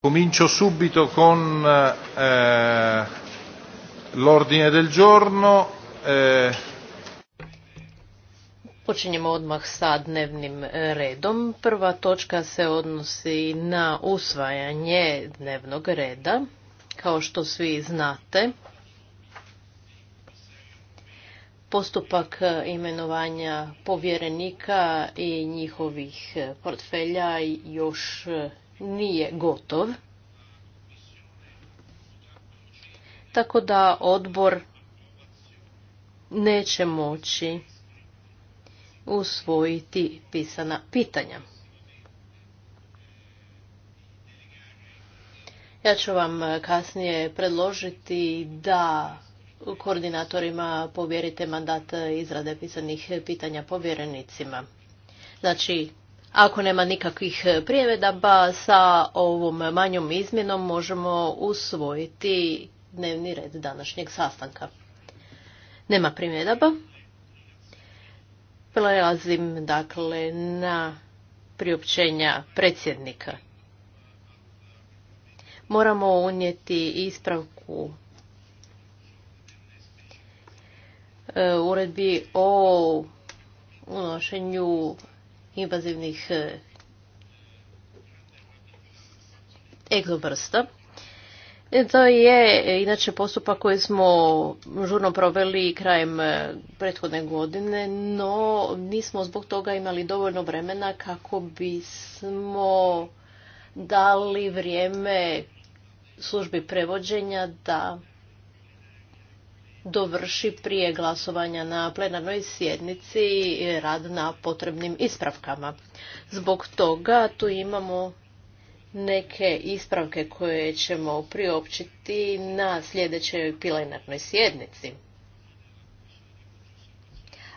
Comincio subito con eh, l'ordine del giorno. Eh. Počinjemo odmah sa dnevnim redom. Prva točka se odnosi na usvajanje dnevnog reda. Kao što svi znate, postupak imenovanja povjerenika i njihovih portfelja još nije gotov. Tako da odbor neće moći usvojiti pisana pitanja. Ja ću vam kasnije predložiti da koordinatorima povjerite mandat izrade pisanih pitanja povjerenicima. Znači, ako nema nikakvih e, prijevedaba, sa ovom manjom izmjenom možemo usvojiti dnevni red današnjeg sastanka. Nema primjedaba. Prelazim dakle na priopćenja predsjednika. Moramo unijeti ispravku e, uredbi o unošenju invazivnih e, egzovrsta. E, to je e, inače postupak koji smo žurno proveli krajem prethodne godine, no nismo zbog toga imali dovoljno vremena kako bismo dali vrijeme službi prevođenja da dovrši prije glasovanja na plenarnoj sjednici rad na potrebnim ispravkama. Zbog toga tu imamo neke ispravke koje ćemo priopćiti na sljedećoj plenarnoj sjednici.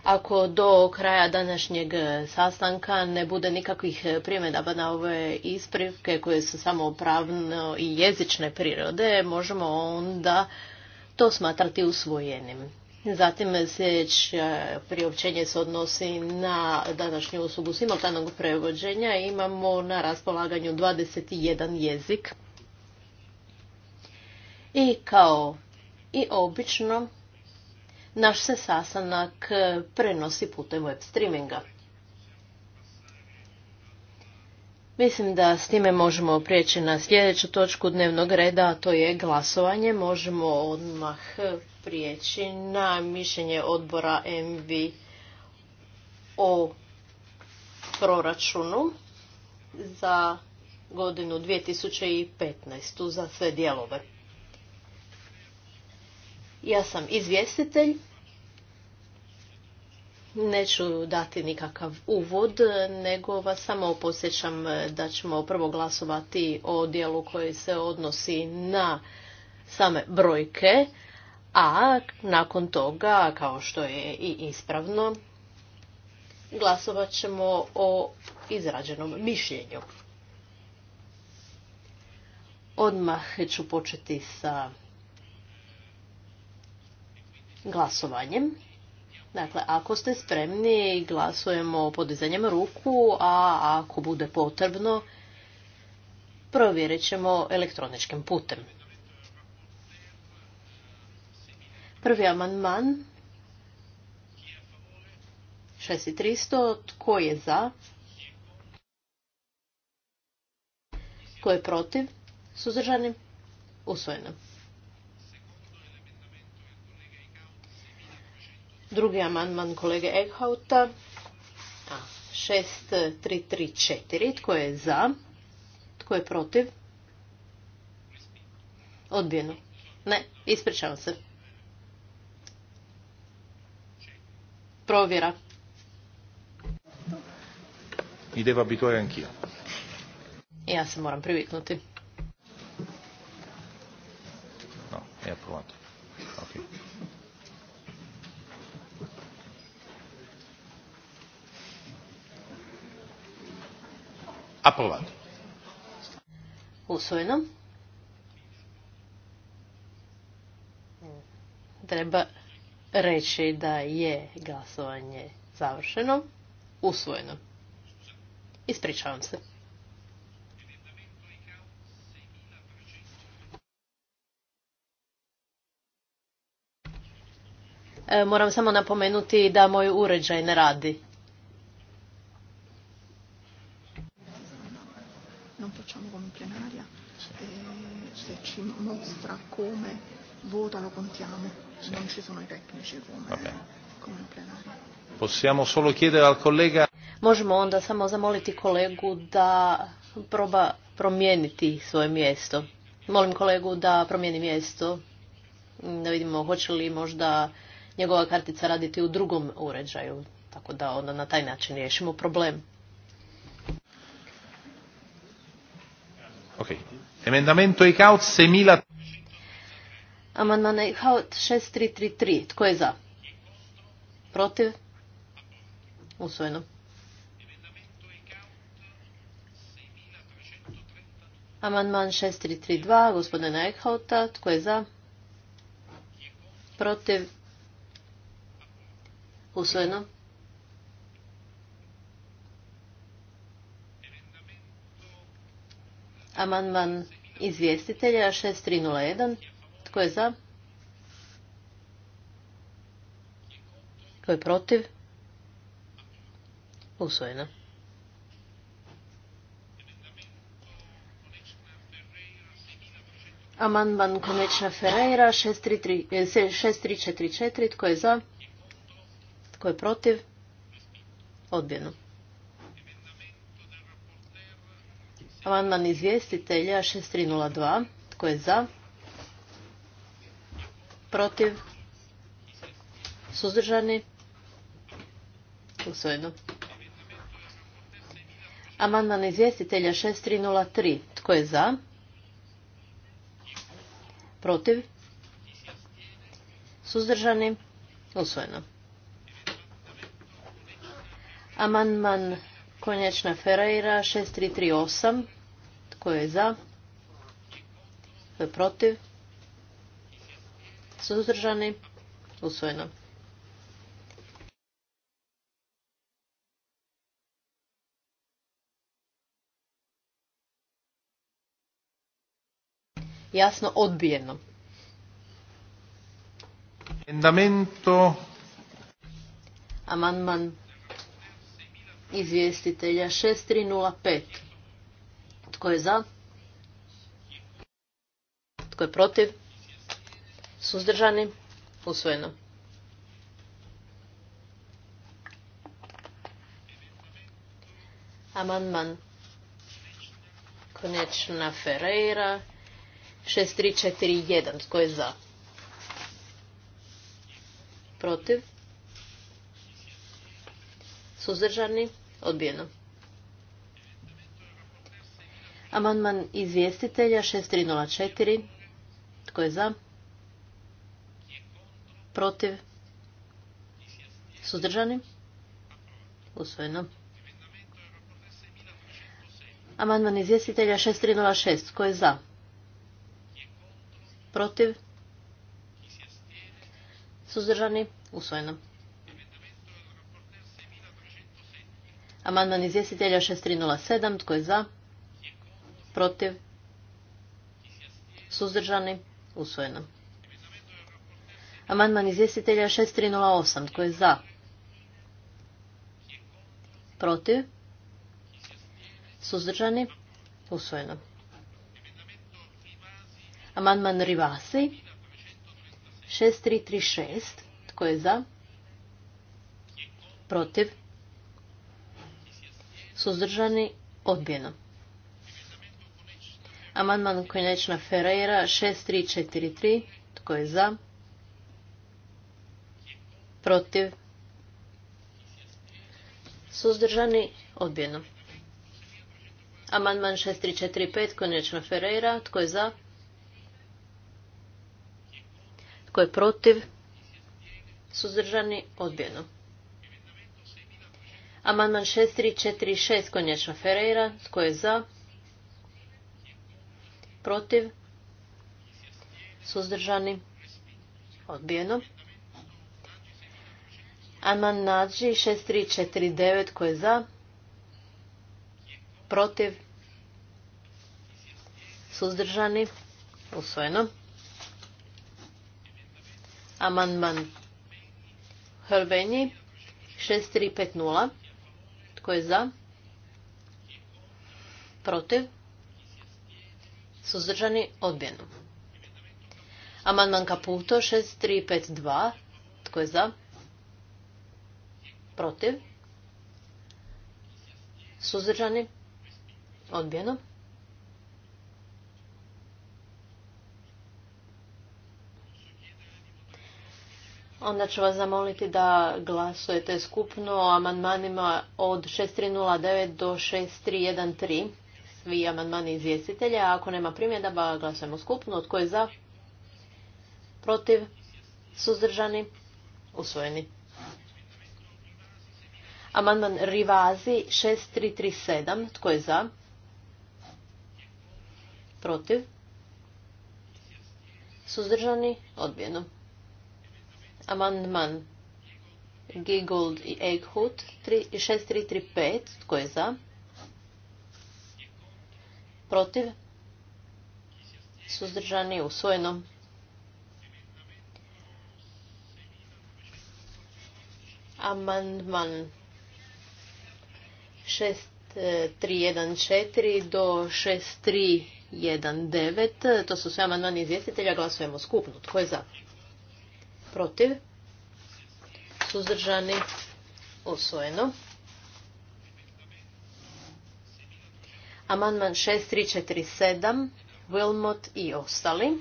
Ako do kraja današnjeg sastanka ne bude nikakvih primjedaba na ove ispravke koje su samo pravno i jezične prirode, možemo onda to smatrati usvojenim. Zatim sljedeće priopćenje se odnosi na današnju uslugu simultanog prevođenja. Imamo na raspolaganju 21 jezik. I kao i obično, naš se sasanak prenosi putem web streaminga. Mislim da s time možemo prijeći na sljedeću točku dnevnog reda, a to je glasovanje. Možemo odmah prijeći na mišljenje odbora MV o proračunu za godinu 2015. za sve dijelove. Ja sam izvjestitelj Neću dati nikakav uvod, nego vas samo posjećam da ćemo prvo glasovati o dijelu koji se odnosi na same brojke, a nakon toga, kao što je i ispravno, glasovat ćemo o izrađenom mišljenju. Odmah ću početi sa glasovanjem. Dakle, ako ste spremni, glasujemo podizanjem ruku, a ako bude potrebno, provjerit ćemo elektroničkim putem. Prvi amandman, 6300, tko je za? Tko je protiv? Suzdržani? Usvojeno. Drugi amandman kolege Eghauta. 6334. Tko je za? Tko je protiv? Odbijeno. Ne, ispričavam se. Provjera. Ide Ja se moram priviknuti. No, ja Usvojeno. Treba reći da je glasovanje završeno. Usvojeno. Ispričavam se. E, moram samo napomenuti da moj uređaj ne radi. facciamo come e se ci mostra come contiamo non ci sono i tecnici come, come plenaria possiamo solo chiedere al collega možemo onda samo zamoliti kolegu da proba promijeniti svoje mjesto molim kolegu da promijeni mjesto da vidimo hoće li možda njegova kartica raditi u drugom uređaju tako da onda na taj način riješimo problem Ok. Emendamento ICAUT 6000... Amandman ICAUT 6333. Tko je za? Protiv? Usvojeno. Amandman 6332, gospodina Eichhauta, tko je za? Protiv? Usvojeno. Amandman izvjestitelja 6301. Tko je za? Tko je protiv? Usvojeno. Amandman Konečna Ferreira 6344. Eh, Tko je za? Tko je protiv? Odbijeno. Amandman izvjestitelja 6302. Tko je za? Protiv? Suzdržani? Usvojeno. Amandman izvjestitelja 6303. Tko je za? Protiv? Suzdržani? Usvojeno. Amandman Konječna Ferreira 6338. Tko je za? Tko je protiv? Suzdržani? Usvojeno. Jasno odbijeno. Amandman izvjestitelja 6305. Tko je za? Tko je protiv? Suzdržani? Usvojeno. Amandman Konečna Ferreira 6341. Tko je za? Protiv? Suzdržani? Odbijeno. Amandman izvjestitelja 6304. Tko je za? Protiv? Suzdržani? Usvojeno. Amandman izvjestitelja 6306. Tko je za? Protiv? Suzdržani? Usvojeno. Amandman izvjestitelja 6307. Tko je za? Protiv? Suzdržani? Usvojeno. Amandman izvjestitelja 6308. Tko je za? Protiv? Suzdržani? Usvojeno. Amandman Rivasi 6336. Tko je za? Protiv? Suzdržani? Odbijeno. Amandman Konečna Ferreira 6343. Tko je za? Protiv? Suzdržani? Odbijeno. Amandman 6345. Konečna Ferreira. Tko je za? Tko je protiv? Suzdržani? Odbijeno. Amandman 6346 konječno Ferreira. Tko je za? Protiv? Suzdržani? Odbijeno. Amandman Nađi 6349. Tko je za? Protiv? Suzdržani? Usvojeno. Amandman Hrbenji 6350. Tko je za? Protiv? Suzdržani? Odbijeno. Amandman Kaputo 6352. Tko je za? Protiv? Suzdržani? Odbijeno. Onda ću vas zamoliti da glasujete skupno o amandmanima od 6309 do 6313. Svi amandmani izvjestitelja. ako nema primjedaba, glasujemo skupno. od je za? Protiv? Suzdržani? Usvojeni. Amandman Rivazi 6337. Tko je za? Protiv? Suzdržani? Odbijeno. Amandman Gigold i trideset 6335. Tko je za? Protiv? Suzdržani usvojeno. Amandman 6314 e, do 6319. To su sve amandmani izvjestitelja. Glasujemo skupno. Tko je za? protiv, suzdržani, usvojeno. Amandman 6347, Wilmot i ostali.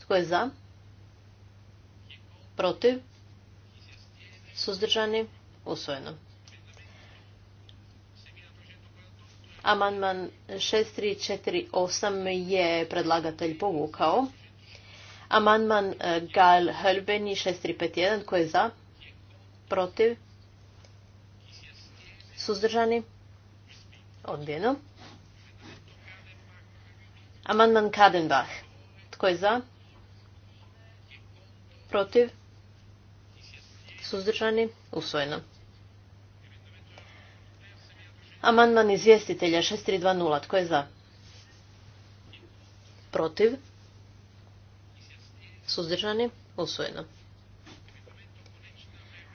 Tko je za? Protiv? Suzdržani? Usvojeno. Amandman 6348 je predlagatelj povukao. Amandman e, Gal Hölbeni 6351 tko je za, protiv, suzdržani, odbijeno. Amandman Kadenbach. Tko je za? Protiv? Suzdržani? Usvojeno. Amandman izvjestitelja 6320. Tko je za? Protiv? Suzdržani? Usvojeno.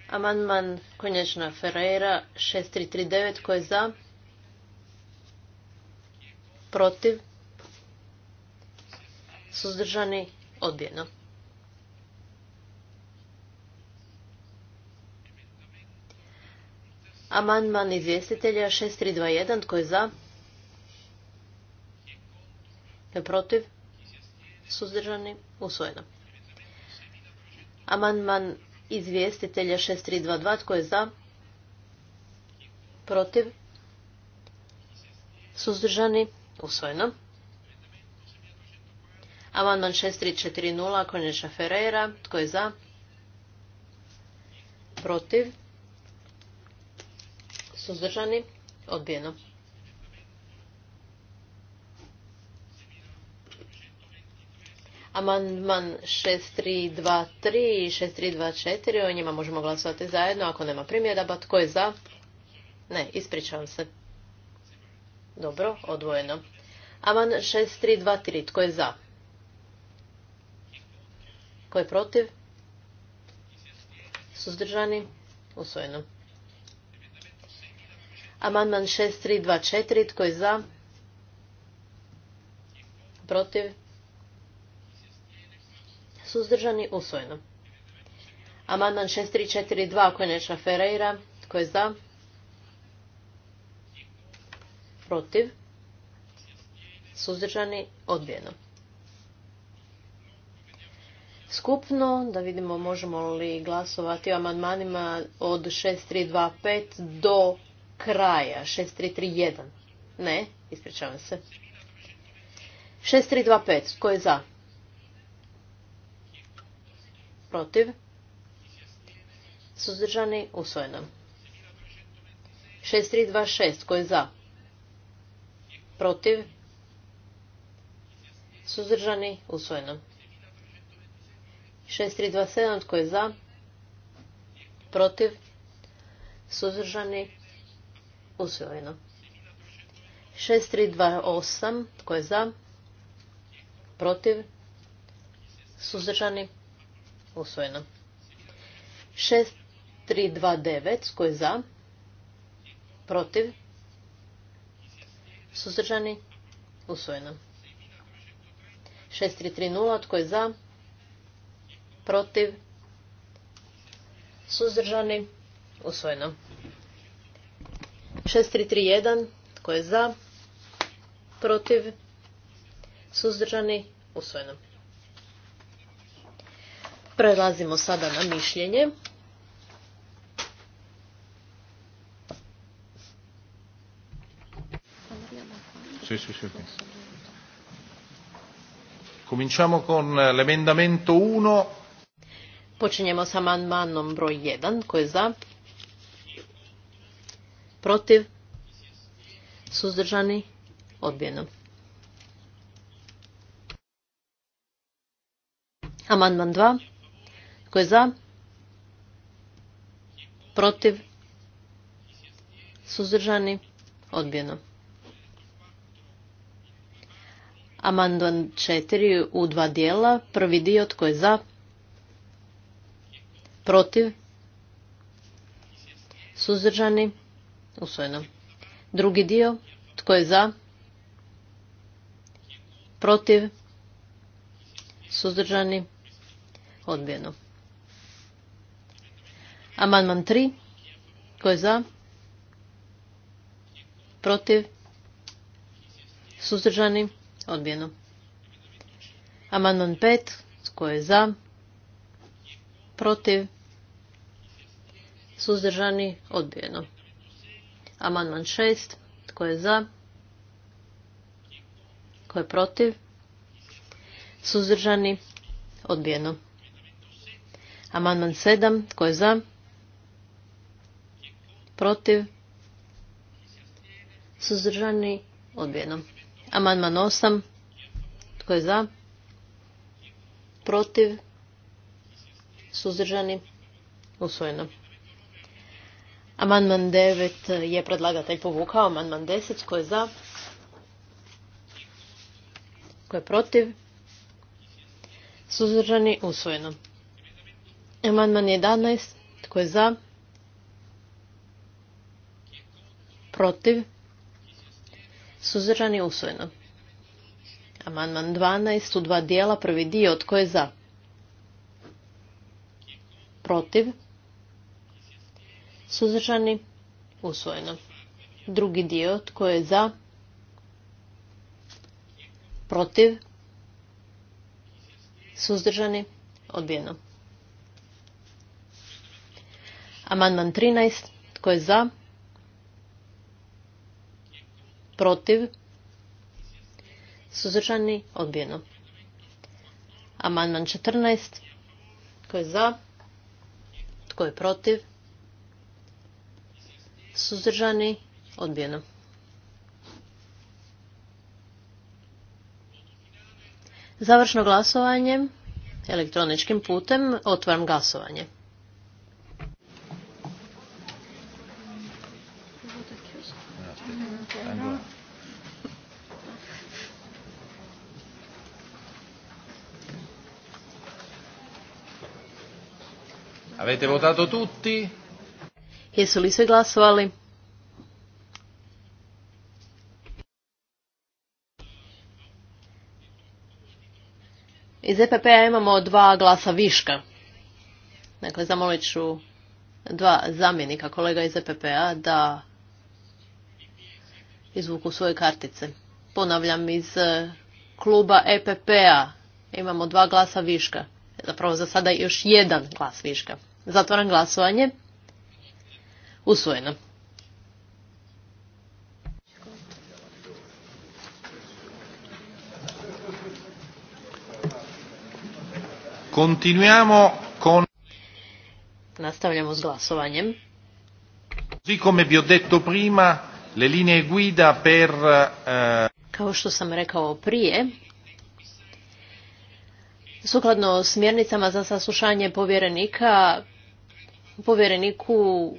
Amandman Konječna Ferreira 6339 koji je za? Protiv? Suzdržani? Odbijeno. Amandman izvjestitelja 6321 tko je za? Je protiv? Suzdržani? Usvojeno. Amandman izvjestitelja 6322. Tko je za? Protiv? Suzdržani? Usvojeno. Amandman 6340. Koneša Ferreira. Tko je za? Protiv? Suzdržani? Odbijeno. Amandman 6323 i 6324, o njima možemo glasovati zajedno ako nema primjedaba. Tko je za? Ne, ispričavam se. Dobro, odvojeno. Aman 6323, tko je za? Tko je protiv? Suzdržani? Usvojeno. Amandman 6324, tko je za? Protiv? suzdržani, usvojeno. Amandman 6342 Koneša Ferreira, tko je za? Protiv, suzdržani, odbijeno. Skupno, da vidimo možemo li glasovati o amandmanima od 6325 do kraja, 6331. Ne, ispričavam se. 6325, tko je za? protiv, suzdržani, usvojeno. 6326, tko je za, protiv, suzdržani, usvojeno. 6327, tko je za, protiv, suzdržani, usvojeno. 6328, tko je za, protiv, suzdržani, usvojeno Usvojeno. 6329, tko je za? Protiv? Suzdržani? Usvojeno. 6330, tko je za? Protiv? Suzdržani? Usvojeno. 6331, tko je za? Protiv? Suzdržani? Usvojeno. Prelazimo sada na mišljenje. Cominciamo con eh, l'emendamento 1. Počinjemo sa amandmanom broj 1, koji je za, protiv, suzdržani, odbijeno. Amandman 2, tko je za? Protiv? Suzdržani? Odbijeno. Amandman 4 u dva dijela. Prvi dio tko je za? Protiv? Suzdržani? Usvojeno. Drugi dio tko je za? Protiv? Suzdržani? Odbijeno. Amandman 3. Tko je za? Protiv? Suzdržani? Odbijeno. Amandman 5. Tko je za? Protiv? Suzdržani? Odbijeno. Amandman 6. Tko je za? Tko je protiv? Suzdržani? Odbijeno. Amandman 7. Tko je za? protiv, suzdržani, odbijeno. Amandman 8, tko je za, protiv, suzdržani, usvojeno. Amandman 9 je predlagatelj povukao, amandman 10 tko je za, tko je protiv, suzdržani, usvojeno. Amandman 11 tko je za, protiv, suzdržani usvojeno. Amandman 12 u dva dijela, prvi dio, tko je za? Protiv, suzdržani usvojeno. Drugi dio, tko je za? Protiv, suzdržani odbijeno. Amandman 13, tko je za? protiv, suzdržani, odbijeno. Amandman 14, tko je za, tko je protiv, suzdržani, odbijeno. Završno glasovanje elektroničkim putem otvaram glasovanje. Avete votato tutti? Jesu li svi glasovali? Iz EPP-a imamo dva glasa viška. Dakle, zamolit ću dva zamjenika kolega iz EPP-a da izvuku svoje kartice. Ponavljam, iz kluba EPP-a imamo dva glasa viška zapravo za sada još jedan glas viška. Zatvoram glasovanje. Usvojeno. Continuiamo con... Nastavljamo s glasovanjem. Così come vi ho detto prima, le linee guida per... Eh, Kao što sam rekao prije, Sukladno smjernicama za saslušanje povjerenika, povjereniku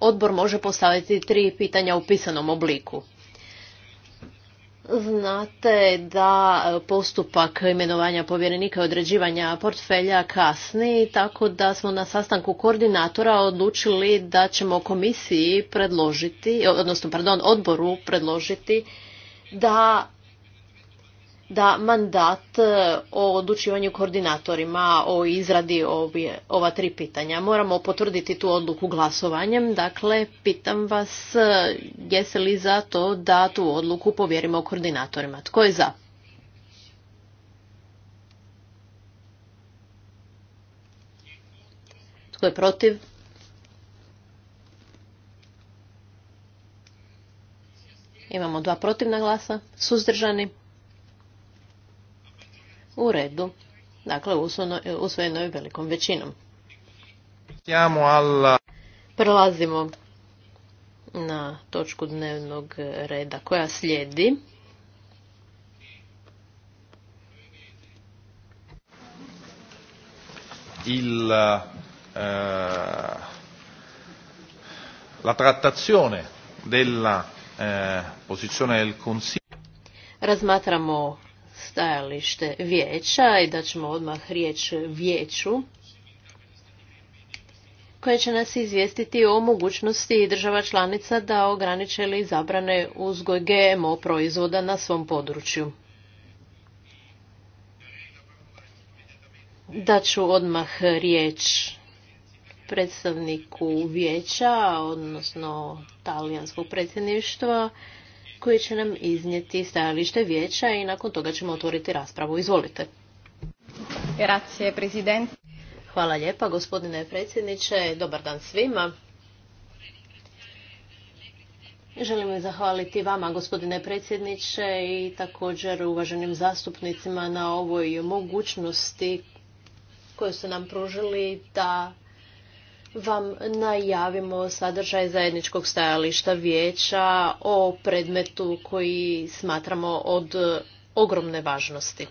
odbor može postaviti tri pitanja u pisanom obliku. Znate da postupak imenovanja povjerenika i određivanja portfelja kasni, tako da smo na sastanku koordinatora odlučili da ćemo komisiji predložiti, odnosno pardon, odboru predložiti da da mandat e, o odlučivanju koordinatorima o izradi ova tri pitanja. Moramo potvrditi tu odluku glasovanjem, dakle pitam vas e, jeste li za to da tu odluku povjerimo koordinatorima. Tko je za? Tko je protiv? Imamo dva protivna glasa. Suzdržani? U redu. Dakle, usvojeno je velikom većinom. Prelazimo na točku dnevnog reda koja slijedi. Il, eh, la trattazione della eh, posizione del Consiglio. Razmatramo stajalište vijeća i da ćemo odmah riječ vijeću koje će nas izvijestiti o mogućnosti država članica da ograniče ili zabrane uzgoj GMO proizvoda na svom području. ću odmah riječ predstavniku vijeća, odnosno talijanskog predsjedništva, koji će nam iznijeti stajalište vijeća i nakon toga ćemo otvoriti raspravu. Izvolite. Grazie, prezident Hvala lijepa, gospodine predsjedniče. Dobar dan svima. Želim zahvaliti vama, gospodine predsjedniče, i također uvaženim zastupnicima na ovoj mogućnosti koju su nam pružili da vam najavimo sadržaj zajedničkog stajališta vijeća o predmetu koji smatramo od ogromne važnosti.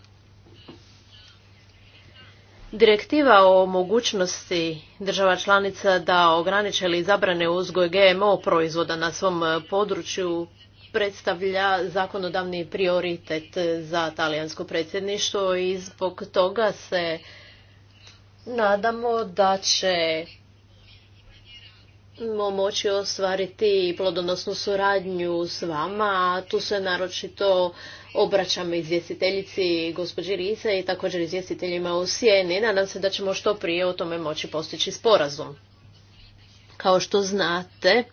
Direktiva o mogućnosti država članica da ograniče ili zabrane uzgoj GMO proizvoda na svom području predstavlja zakonodavni prioritet za talijansko predsjedništvo i zbog toga se nadamo da će moći ostvariti plodonosnu suradnju s vama, a tu se naročito obraćam izvjestiteljici gospođi Rise i također izvjestiteljima u Sjeni. Nadam se da ćemo što prije o tome moći postići sporazum. Kao što znate,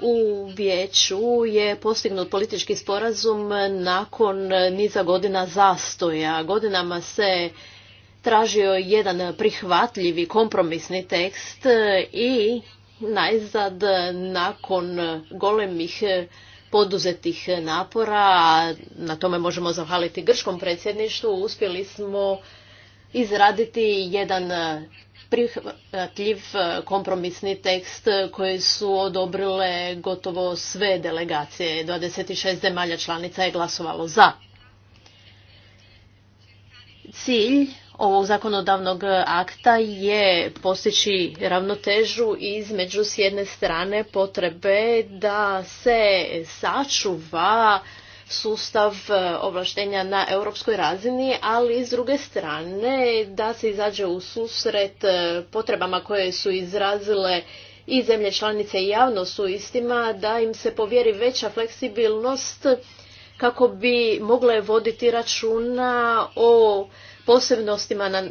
u vijeću je postignut politički sporazum nakon niza godina zastoja. Godinama se tražio jedan prihvatljivi kompromisni tekst e, i najzad nakon golemih e, poduzetih napora, na tome možemo zahvaliti grškom predsjedništvu, uspjeli smo izraditi jedan prihvatljiv e, kompromisni tekst koji su odobrile gotovo sve delegacije. 26 zemalja članica je glasovalo za. Cilj ovog zakonodavnog akta je postići ravnotežu između s jedne strane potrebe da se sačuva sustav e, ovlaštenja na europskoj razini, ali s druge strane da se izađe u susret e, potrebama koje su izrazile i zemlje članice i javnost su istima, da im se povjeri veća fleksibilnost kako bi mogle voditi računa o posebnostima na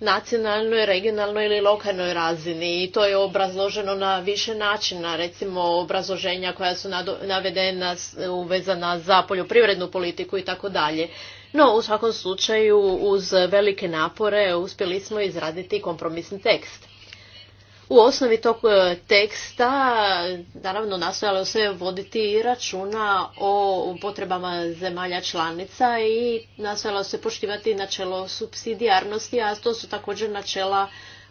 nacionalnoj, regionalnoj ili lokalnoj razini i to je obrazloženo na više načina, recimo obrazloženja koja su navedena, uvezana za poljoprivrednu politiku i tako dalje. No, u svakom slučaju, uz velike napore uspjeli smo izraditi kompromisni tekst u osnovi tog e, teksta naravno nastojalo se voditi računa o potrebama zemalja članica i nastojalo se poštivati načelo subsidijarnosti, a to su također načela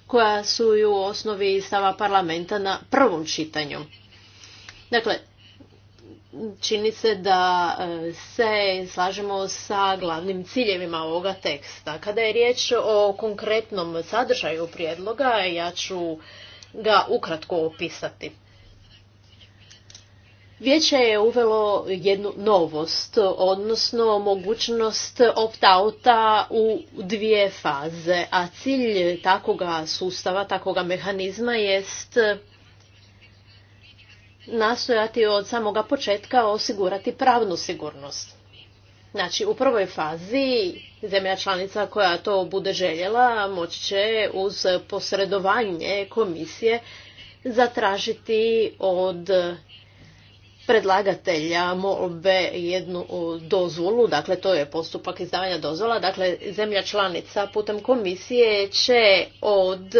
koja su i u osnovi stava parlamenta na prvom čitanju. Dakle, čini se da e, se slažemo sa glavnim ciljevima ovoga teksta. Kada je riječ o konkretnom sadržaju prijedloga, ja ću ga ukratko opisati. Vijeće je uvelo jednu novost, odnosno mogućnost opt-outa u dvije faze, a cilj takoga sustava, takoga mehanizma jest nastojati od samoga početka osigurati pravnu sigurnost. Znači, u prvoj fazi zemlja članica koja to bude željela moći će uz posredovanje komisije zatražiti od predlagatelja molbe jednu dozvolu, dakle to je postupak izdavanja dozvola, dakle zemlja članica putem komisije će od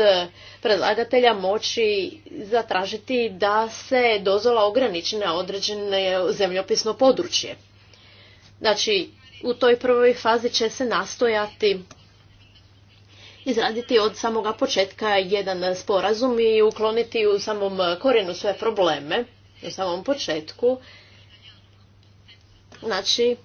predlagatelja moći zatražiti da se dozvola ograniči na određeno zemljopisno područje. Znači, u toj prvoj fazi će se nastojati izraditi od samoga početka jedan sporazum i ukloniti u samom korijenu sve probleme, u samom početku. Znači,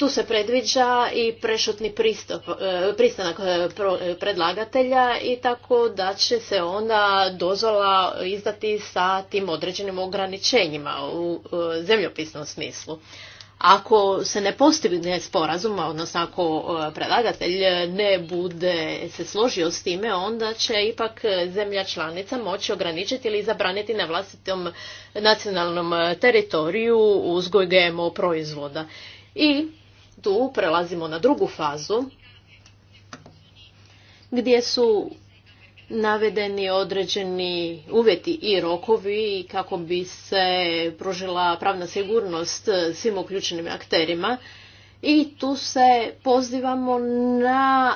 tu se predviđa i prešutni pristup, e, pristanak e, e, predlagatelja i tako da će se onda dozvola izdati sa tim određenim ograničenjima u zemljopisnom smislu. Ako se ne postigne sporazuma, odnosno ako predlagatelj ne bude se složio s time, onda će ipak zemlja članica moći ograničiti ili zabraniti na vlastitom nacionalnom teritoriju uzgoj GMO proizvoda. I tu prelazimo na drugu fazu gdje su navedeni određeni uvjeti i rokovi kako bi se pružila pravna sigurnost svim uključenim akterima i tu se pozivamo na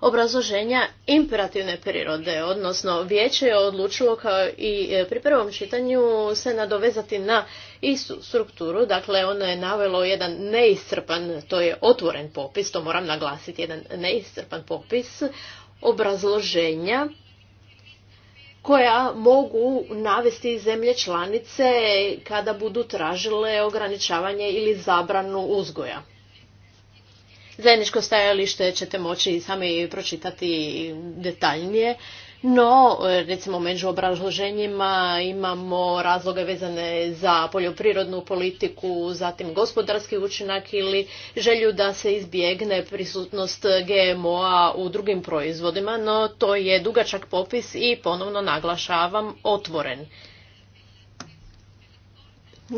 obrazloženja imperativne prirode, odnosno vijeće je odlučilo kao i e, pri prvom čitanju se nadovezati na istu strukturu, dakle ono je navelo jedan neiscrpan, to je otvoren popis, to moram naglasiti, jedan neiscrpan popis obrazloženja koja mogu navesti zemlje članice kada budu tražile ograničavanje ili zabranu uzgoja. Zajedničko stajalište ćete moći sami pročitati detaljnije. No, recimo među obrazloženjima imamo razloge vezane za poljoprirodnu politiku, zatim gospodarski učinak ili želju da se izbjegne prisutnost GMO-a u drugim proizvodima, no to je dugačak popis i ponovno naglašavam otvoren.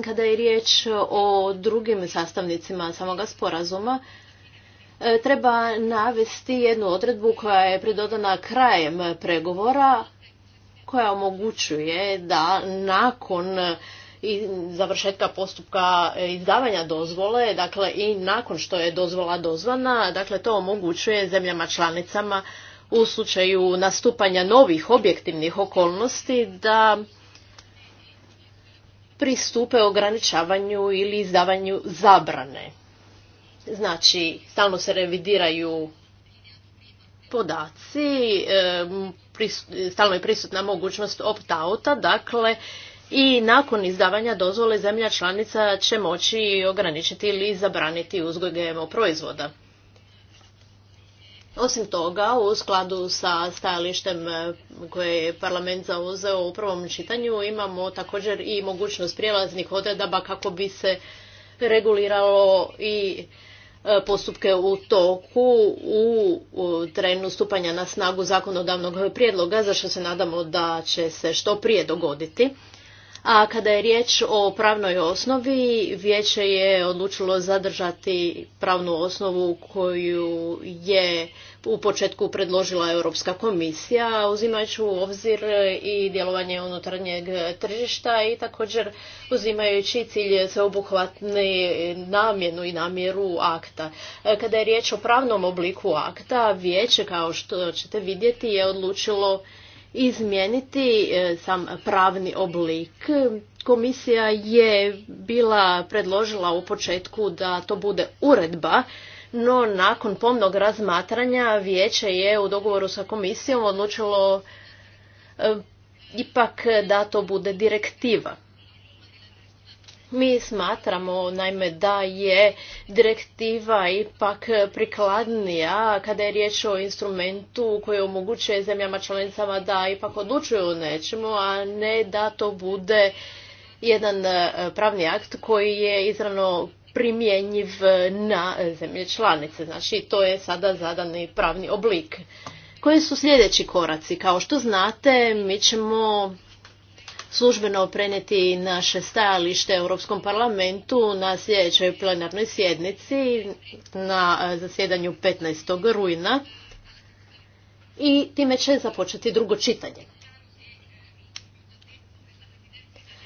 Kada je riječ o drugim sastavnicima samoga sporazuma, E, treba navesti jednu odredbu koja je pridodana krajem pregovora koja omogućuje da nakon i završetka postupka izdavanja dozvole, dakle i nakon što je dozvola dozvana, dakle to omogućuje zemljama članicama u slučaju nastupanja novih objektivnih okolnosti da pristupe ograničavanju ili izdavanju zabrane. Znači, stalno se revidiraju podaci, stalno je prisutna mogućnost opt-outa, dakle i nakon izdavanja dozvole zemlja članica će moći ograničiti ili zabraniti uzgoj GMO proizvoda. Osim toga, u skladu sa stajalištem koje je parlament zauzeo u prvom čitanju, imamo također i mogućnost prijelaznih odredaba kako bi se reguliralo i E, postupke u toku u trenu stupanja na snagu zakonodavnog prijedloga, za što se nadamo da će se što prije dogoditi. A kada je riječ o pravnoj osnovi, vijeće je odlučilo zadržati pravnu osnovu koju je u početku predložila Europska komisija, uzimajući u obzir i djelovanje unutarnjeg tržišta i također uzimajući cilj sveobuhvatne namjenu i namjeru akta. E, Kada je riječ o pravnom obliku akta, vijeće, kao što ćete vidjeti, je odlučilo izmijeniti e, sam pravni oblik. Komisija je bila predložila u početku da to bude uredba, no nakon pomnog razmatranja vijeće je u dogovoru sa komisijom odlučilo e, ipak da to bude direktiva. Mi smatramo naime da je direktiva ipak prikladnija kada je riječ o instrumentu koji omogućuje zemljama članicama da ipak odlučuju o nečemu, a ne da to bude jedan e, pravni akt koji je izravno primjenjiv na zemlje članice. Znači to je sada zadani pravni oblik. Koji su sljedeći koraci? Kao što znate, mi ćemo službeno prenijeti naše stajalište Europskom parlamentu na sljedećoj plenarnoj sjednici na zasjedanju 15. rujna i time će započeti drugo čitanje.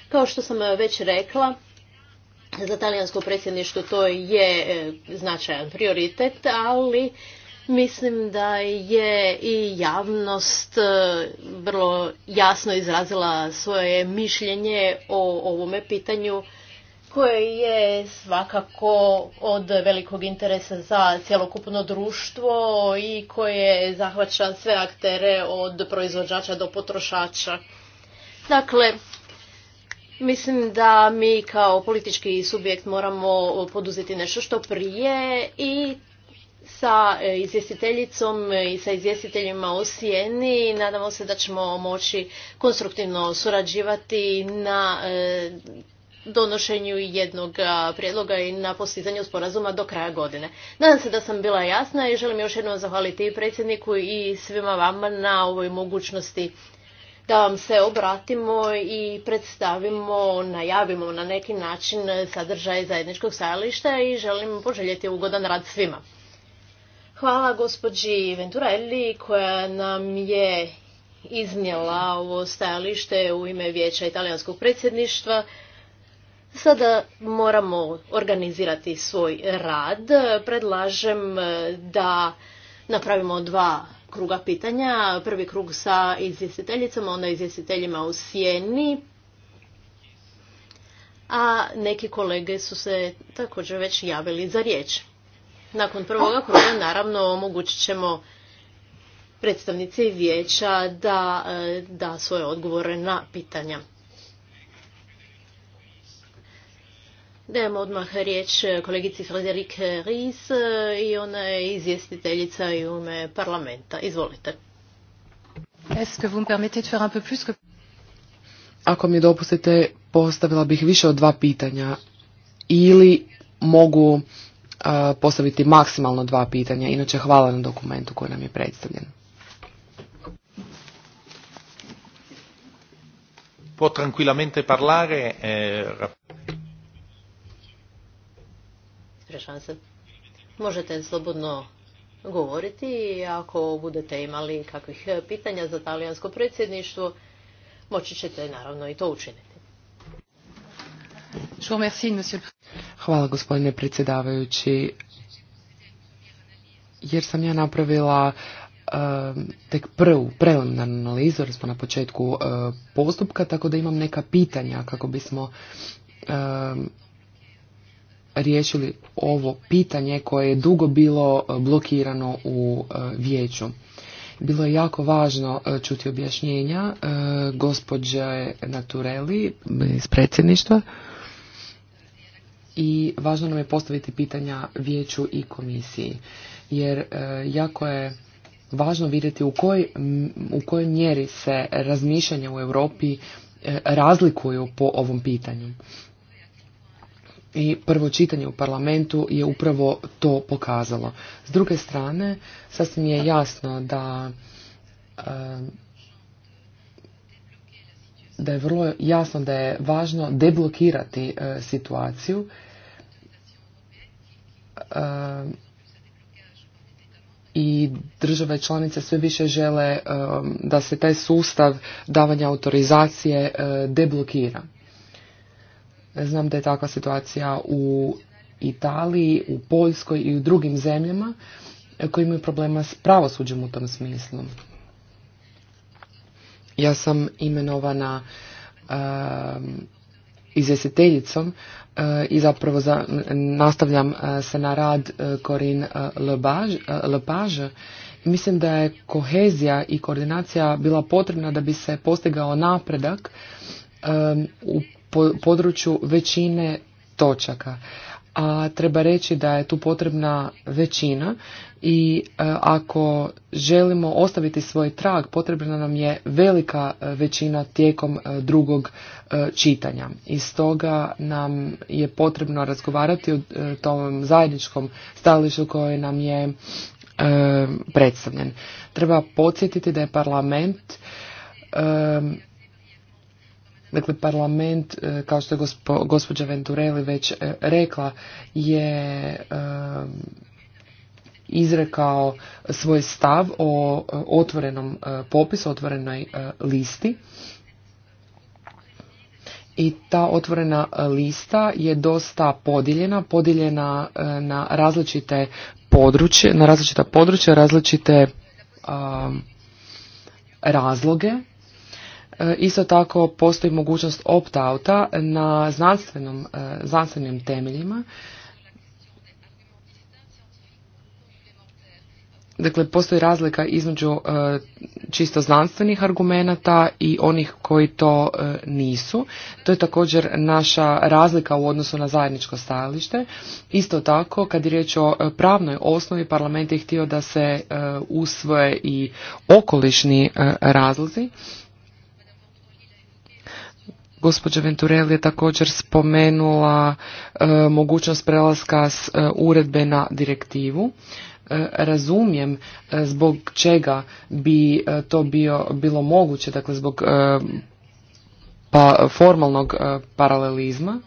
Kao što sam već rekla, za talijansko predsjedništvo to je e, značajan prioritet, ali mislim da je i javnost e, vrlo jasno izrazila svoje mišljenje o ovome pitanju koje je svakako od velikog interesa za cjelokupno društvo i koje zahvaća sve aktere od proizvođača do potrošača. Dakle, Mislim da mi kao politički subjekt moramo poduzeti nešto što prije i sa e, izvjestiteljicom i sa izvjestiteljima u Sijeni. Nadamo se da ćemo moći konstruktivno surađivati na e, donošenju jednog prijedloga i na postizanju sporazuma do kraja godine. Nadam se da sam bila jasna i želim još jednom zahvaliti i predsjedniku i svima vama na ovoj mogućnosti da vam se obratimo i predstavimo, najavimo na neki način sadržaj zajedničkog stajališta i želim poželjeti ugodan rad svima. Hvala gospođi Venturelli koja nam je iznijela ovo stajalište u ime Vijeća italijanskog predsjedništva. Sada moramo organizirati svoj rad. Predlažem da napravimo dva kruga pitanja. Prvi krug sa izvjestiteljicama onda izvjestiteljima u sjeni. A neki kolege su se također već javili za riječ. Nakon prvoga kruga naravno omogućit ćemo predstavnici vijeća da e, da svoje odgovore na pitanja. Dajem odmah riječ kolegici Frederik Ries e, i ona je izvjestiteljica i ume parlamenta. Izvolite. Ako mi dopustite, postavila bih više od dva pitanja ili mogu e, postaviti maksimalno dva pitanja. Inače, hvala na dokumentu koji nam je predstavljen. Po tranquillamente parlare... E šanse. Možete slobodno govoriti i ako budete imali kakvih pitanja za talijansko predsjedništvo, moći ćete naravno i to učiniti. Hvala gospodine predsjedavajući. Jer sam ja napravila ehm, tek prvu preliminarnu analizu, jer smo na početku ehm, postupka, tako da imam neka pitanja kako bismo ehm, riješili ovo pitanje koje je dugo bilo e, blokirano u e, vijeću. Bilo je jako važno e, čuti objašnjenja gospođe Natureli iz predsjedništva i važno nam je postaviti pitanja vijeću i komisiji. Jer jako je važno vidjeti u kojoj u kojoj mjeri se razmišljanja u Europi razlikuju po ovom pitanju i prvo čitanje u parlamentu je upravo to pokazalo. S druge strane, sasvim je jasno da eh, da je vrlo jasno da je važno deblokirati eh, situaciju eh, i države članice sve više žele da se taj sustav davanja autorizacije deblokira. Znam da je takva situacija u Italiji, u Poljskoj i u drugim zemljama e, koji imaju problema s pravosuđem u tom smislu. Ja sam imenovana izvjestiteljicom e, i zapravo nastavljam e, se na rad Korin Lepaže. Mislim da je kohezija i koordinacija bila potrebna da bi se postigao napredak u području većine točaka. A treba reći da je tu potrebna većina i e, ako želimo ostaviti svoj trag, potrebna nam je velika e, većina tijekom e, drugog čitanja. I stoga nam je potrebno razgovarati o tom zajedničkom stajalištu koje nam je predstavljen. Treba podsjetiti da je parlament Dakle, parlament, e, kao što je gospođa Venturelli već e, rekla, je e, izrekao svoj stav o otvorenom popisu, otvorenoj listi. I ta otvorena lista je dosta podijeljena, podijeljena na različite područje, na različita područja, različite razloge E, isto tako postoji mogućnost opt-outa na znanstvenom, e, znanstvenim temeljima. Dakle, postoji razlika između e, čisto znanstvenih argumenata i onih koji to nisu. To je također naša razlika u odnosu na zajedničko stajalište. Isto tako, kad je riječ o pravnoj osnovi, parlament je htio da se usvoje i okolišni razlozi Gospođa Venturelli je također spomenula e, mogućnost prelaska s e, uredbe na direktivu. E, razumijem zbog čega bi to bio, bilo moguće, dakle zbog pa, formalnog paralelizma.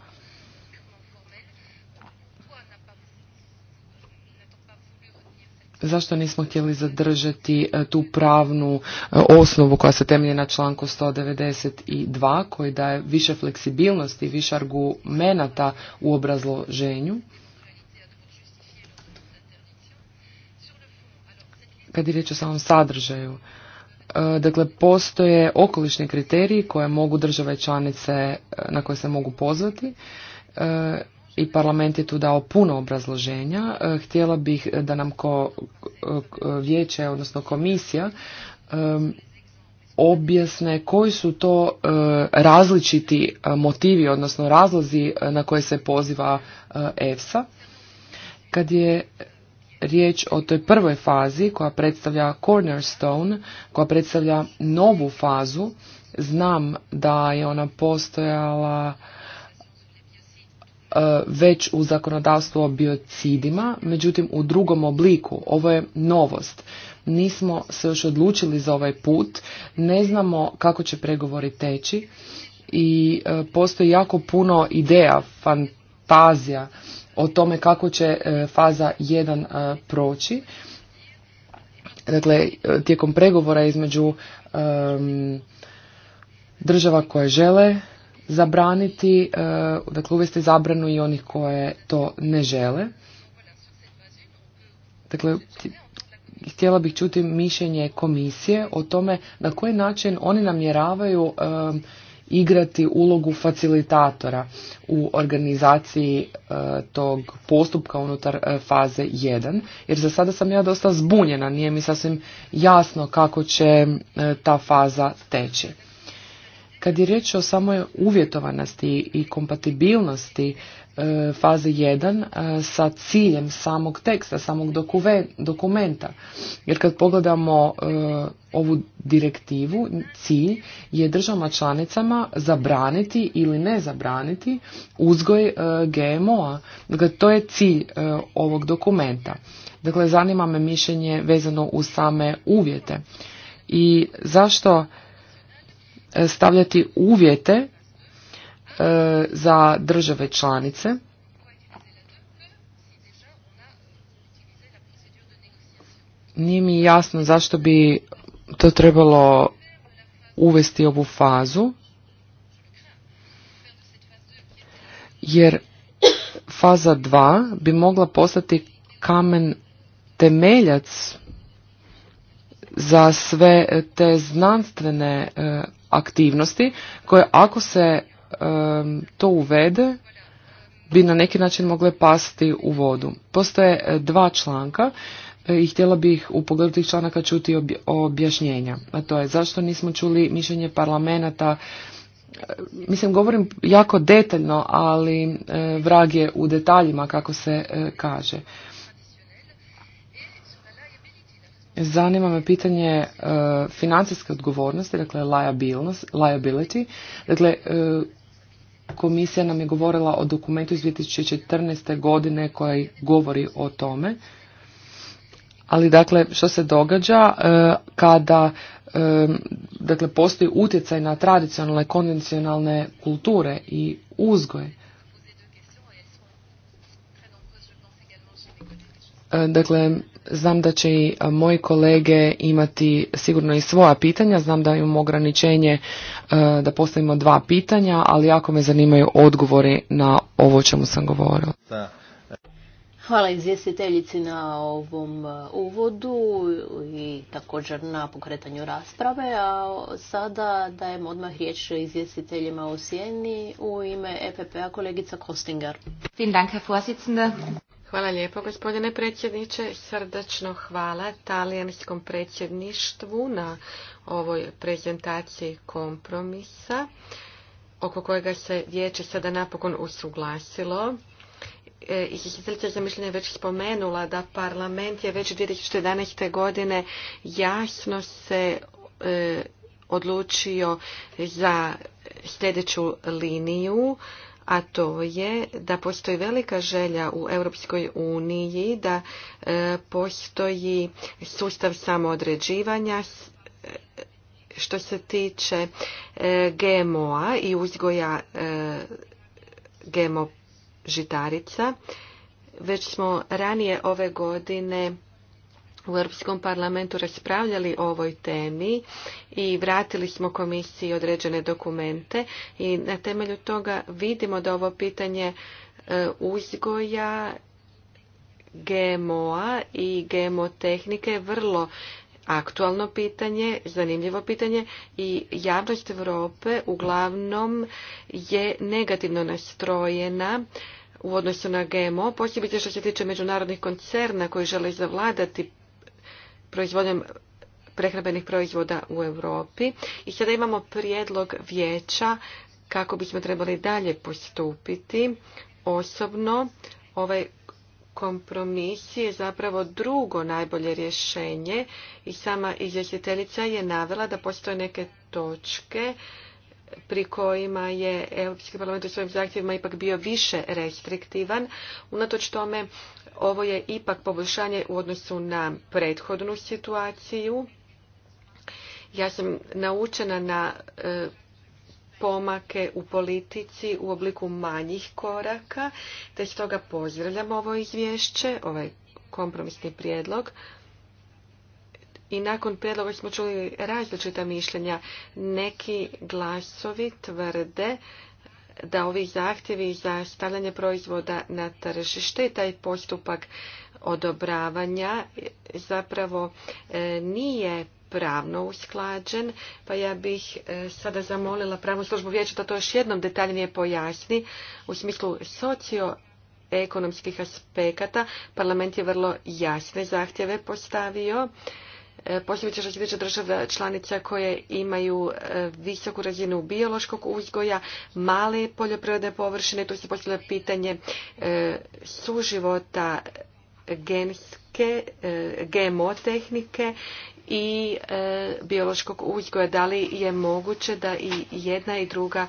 zašto nismo htjeli zadržati e, tu pravnu e, osnovu koja se temelji na članku 192 koji daje više fleksibilnosti, više argumenata u obrazloženju. Kad je riječ o samom sadržaju, e, dakle postoje okolišni kriteriji koje mogu države članice na koje se mogu pozvati i parlament je tu dao puno obrazloženja. E, htjela bih e, da nam ko e, vijeće, odnosno komisija, objasne koji su to različiti motivi, odnosno razlozi na koje se poziva EFSA. Kad je riječ o toj prvoj fazi koja predstavlja cornerstone, koja predstavlja novu fazu, znam da je ona postojala E, već u zakonodavstvu o biocidima, međutim u drugom obliku. Ovo je novost. Nismo se još odlučili za ovaj put, ne znamo kako će pregovori teći i e, postoji jako puno ideja, fantazija o tome kako će e, faza 1 proći. Dakle, tijekom pregovora između država koje žele zabraniti, e, dakle uvesti zabranu i onih koje to ne žele. Dakle, htjela bih čuti mišljenje komisije o tome na koji način oni namjeravaju e, igrati ulogu facilitatora u organizaciji e, tog postupka unutar faze 1 jer za sada sam ja dosta zbunjena nije mi sasvim jasno kako će ta faza teći kad je riječ o samoj uvjetovanosti i kompatibilnosti e, faze 1 e, sa ciljem samog teksta, samog dokuve dokumenta, jer kad pogledamo e, ovu direktivu, cilj je državama članicama zabraniti ili ne zabraniti uzgoj GMO-a. Dakle, to je cilj ovog dokumenta. Dakle, zanima me mišljenje vezano uz same uvjete. I zašto stavljati uvjete e, za države članice nije mi jasno zašto bi to trebalo uvesti ovu fazu jer faza 2 bi mogla postati kamen temeljac za sve te znanstvene e, aktivnosti koje ako se e, to uvede bi na neki način mogle pasti u vodu. Postoje e, dva članka i htjela bih u pogledu tih članaka čuti objašnjenja. A to je zašto nismo čuli mišljenje parlamenta mislim govorim jako detaljno, ali vrag je u detaljima kako se kaže. Zanima me pitanje e, financijske odgovornosti, dakle liability. Dakle, e, komisija nam je govorila o dokumentu iz 2014. godine koji govori o tome. Ali dakle, što se događa e, kada dakle, postoji utjecaj na tradicionalne, konvencionalne kulture i uzgoj? Dakle, Znam da će i e, moji kolege imati sigurno i svoja pitanja, znam da imamo ograničenje e, da postavimo dva pitanja, ali jako me zanimaju odgovori na ovo čemu sam govorila. Hvala izvjestiteljici na ovom e, uvodu i također na pokretanju rasprave, a sada dajem odmah riječ izvjestiteljima u sjeni u ime EPP-a kolegica Kostingar. Hvala lijepo gospodine predsjedniče. Srdačno hvala talijanskom predsjedništvu na ovoj prezentaciji kompromisa oko kojega se vijeće sada napokon usuglasilo. E, izvjestiteljica za mišljenje već spomenula da parlament je već 2011. godine jasno se e, odlučio za sljedeću liniju a to je da postoji velika želja u Europskoj uniji da e, postoji sustav samoodređivanja e, što se tiče e, GMO-a i uzgoja GMO žitarica. Već smo ranije ove godine u Europskom parlamentu raspravljali o ovoj temi i vratili smo komisiji određene dokumente i na temelju toga vidimo da ovo pitanje e, uzgoja GMO-a i GMO tehnike je vrlo aktualno pitanje, zanimljivo pitanje i javnost Europe uglavnom je negativno nastrojena u odnosu na GMO, posebice što se tiče međunarodnih koncerna koji žele zavladati proizvodnjom prehrambenih proizvoda u Europi. I sada imamo prijedlog vijeća kako bismo trebali dalje postupiti. Osobno ovaj kompromis je zapravo drugo najbolje rješenje i sama izvjestiteljica je navela da postoje neke točke pri kojima je Europski parlament u svojim zahtjevima ipak bio više restriktivan. Unatoč tome, ovo je ipak poboljšanje u odnosu na prethodnu situaciju. Ja sam naučena na e, pomake u politici u obliku manjih koraka, te stoga pozdravljam ovo izvješće, ovaj kompromisni prijedlog i nakon prijedloga smo čuli različita mišljenja. Neki glasovi tvrde da ovi zahtjevi za stavljanje proizvoda na tržište i taj postupak odobravanja zapravo e, nije pravno usklađen, pa ja bih e, sada zamolila pravnu službu vijeća da to još jednom detaljnije pojasni u smislu socioekonomskih aspekata. Parlament je vrlo jasne zahtjeve postavio E, posebice što se tiče država članica koje imaju e, visoku razinu biološkog uzgoja, male poljoprivredne površine, tu se postavlja pitanje e, suživota genske, GMO tehnike i biološkog uzgoja. Da li je moguće da i jedna i druga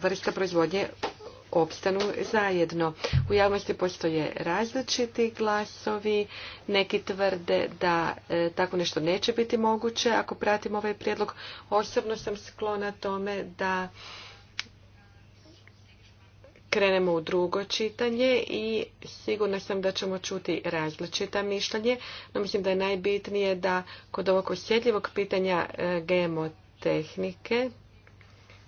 vrsta proizvodnje opstanu zajedno. U javnosti postoje različiti glasovi, neki tvrde da e, tako nešto neće biti moguće. Ako pratimo ovaj prijedlog, osobno sam sklona tome da krenemo u drugo čitanje i sigurna sam da ćemo čuti različita mišljenje, no mislim da je najbitnije da kod ovog osjetljivog pitanja e, GMO tehnike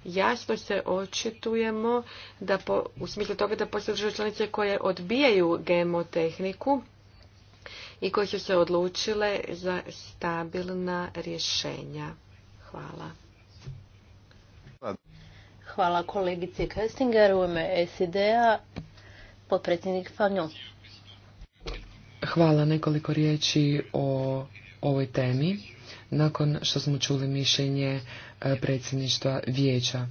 jasno se očitujemo da u smislu toga da postoje države članice koje odbijaju GMO i koje su se odlučile za stabilna rješenja. Hvala. Hvala kolegici Kestinger u ime SID-a, potpredsjednik Fanjo. Hvala nekoliko riječi o ovoj temi. Nakon što smo čuli mišljenje E, predsjedništva vijeća.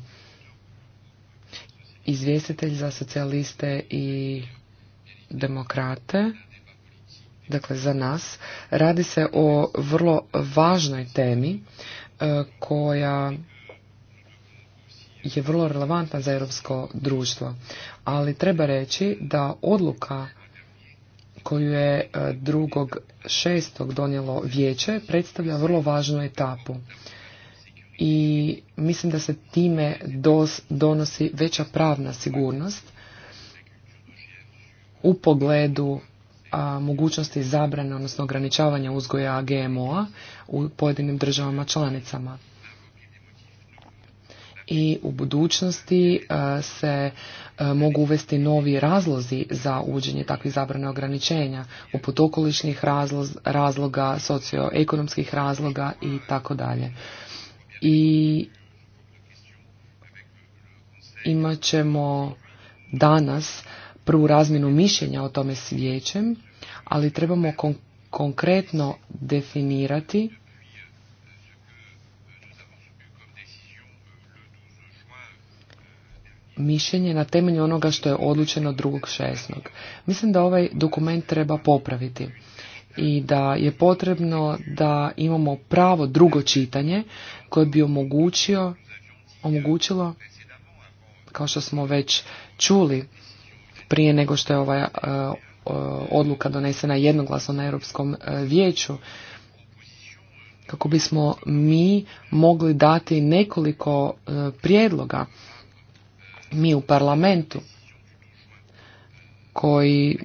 Izvjestitelj za socijaliste i demokrate, dakle za nas, radi se o vrlo važnoj temi e, koja je vrlo relevantna za europsko društvo. Ali treba reći da odluka koju je e, šestog donijelo vijeće predstavlja vrlo važnu etapu i mislim da se time donosi veća pravna sigurnost u pogledu a, mogućnosti zabrane, odnosno ograničavanja uzgoja GMO-a u pojedinim državama članicama. I u budućnosti se mogu uvesti novi razlozi za uđenje takvih zabrane ograničenja, poput okolišnih razloga, socioekonomskih razloga i tako dalje i imat ćemo danas prvu razminu mišljenja o tome s vijećem, ali trebamo konkretno definirati mišljenje na temelju onoga što je odlučeno 2.6. Mislim da ovaj dokument treba popraviti i da je potrebno da imamo pravo drugo čitanje koje bi omogućio, omogućilo, kao što smo već čuli prije nego što je ova e, odluka donesena jednoglasno na Europskom e, vijeću, kako bismo mi mogli dati nekoliko e, prijedloga mi u parlamentu koji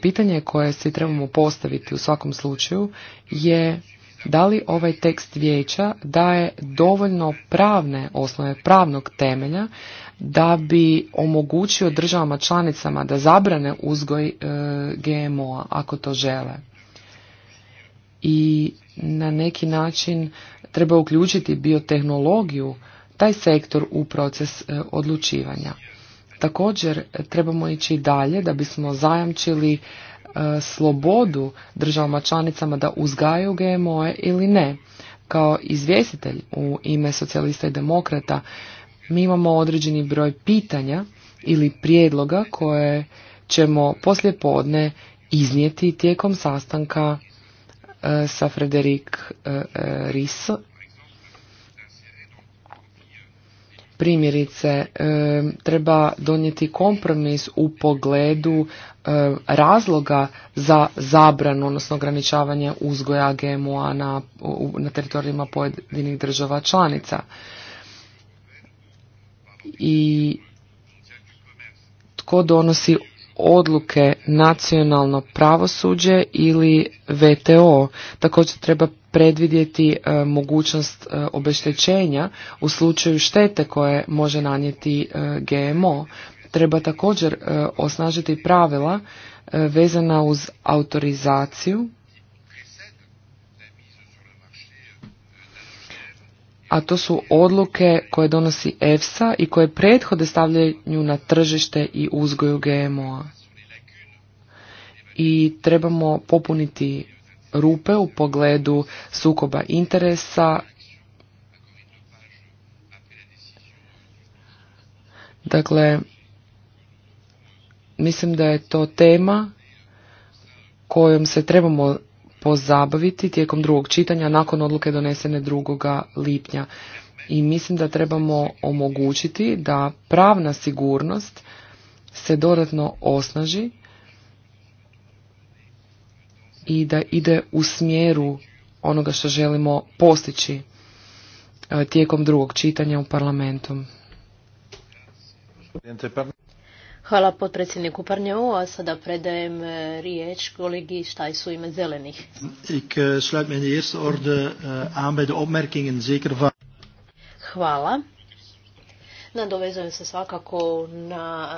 pitanje koje si trebamo postaviti u svakom slučaju je da li ovaj tekst vijeća daje dovoljno pravne osnove, pravnog temelja da bi omogućio državama članicama da zabrane uzgoj e, GMO-a ako to žele. I na neki način treba uključiti biotehnologiju, taj sektor u proces e, odlučivanja. Također trebamo ići dalje da bismo zajamčili e, slobodu državama članicama da uzgajaju GMO-e ili ne. Kao izvjestitelj u ime socijalista i demokrata mi imamo određeni broj pitanja ili prijedloga koje ćemo poslije podne iznijeti tijekom sastanka e, sa Frederik e, Riso, Primjerice, e, treba donijeti kompromis u pogledu e, razloga za zabranu, odnosno ograničavanje uzgoja GMO-a na, na teritorijima pojedinih država članica. I tko donosi odluke nacionalno pravosuđe ili VTO. Također treba predvidjeti e, mogućnost e, obeštećenja u slučaju štete koje može nanijeti e, GMO. Treba također osnažiti pravila vezana uz autorizaciju, a to su odluke koje donosi EFSA i koje prethode stavljanju na tržište i uzgoju GMO-a. I trebamo popuniti rupe u pogledu sukoba interesa. Dakle, mislim da je to tema kojom se trebamo pozabaviti tijekom drugog čitanja nakon odluke donesene 2. lipnja. I mislim da trebamo omogućiti da pravna sigurnost se dodatno osnaži i da ide u smjeru onoga što želimo postići e, tijekom drugog čitanja u parlamentu. Hvala potpredsjedniku Parnjevu, a sada predajem e, riječ kolegi Štajsu ime zelenih. Ik e, sluit Hvala. Nadovezujem se svakako na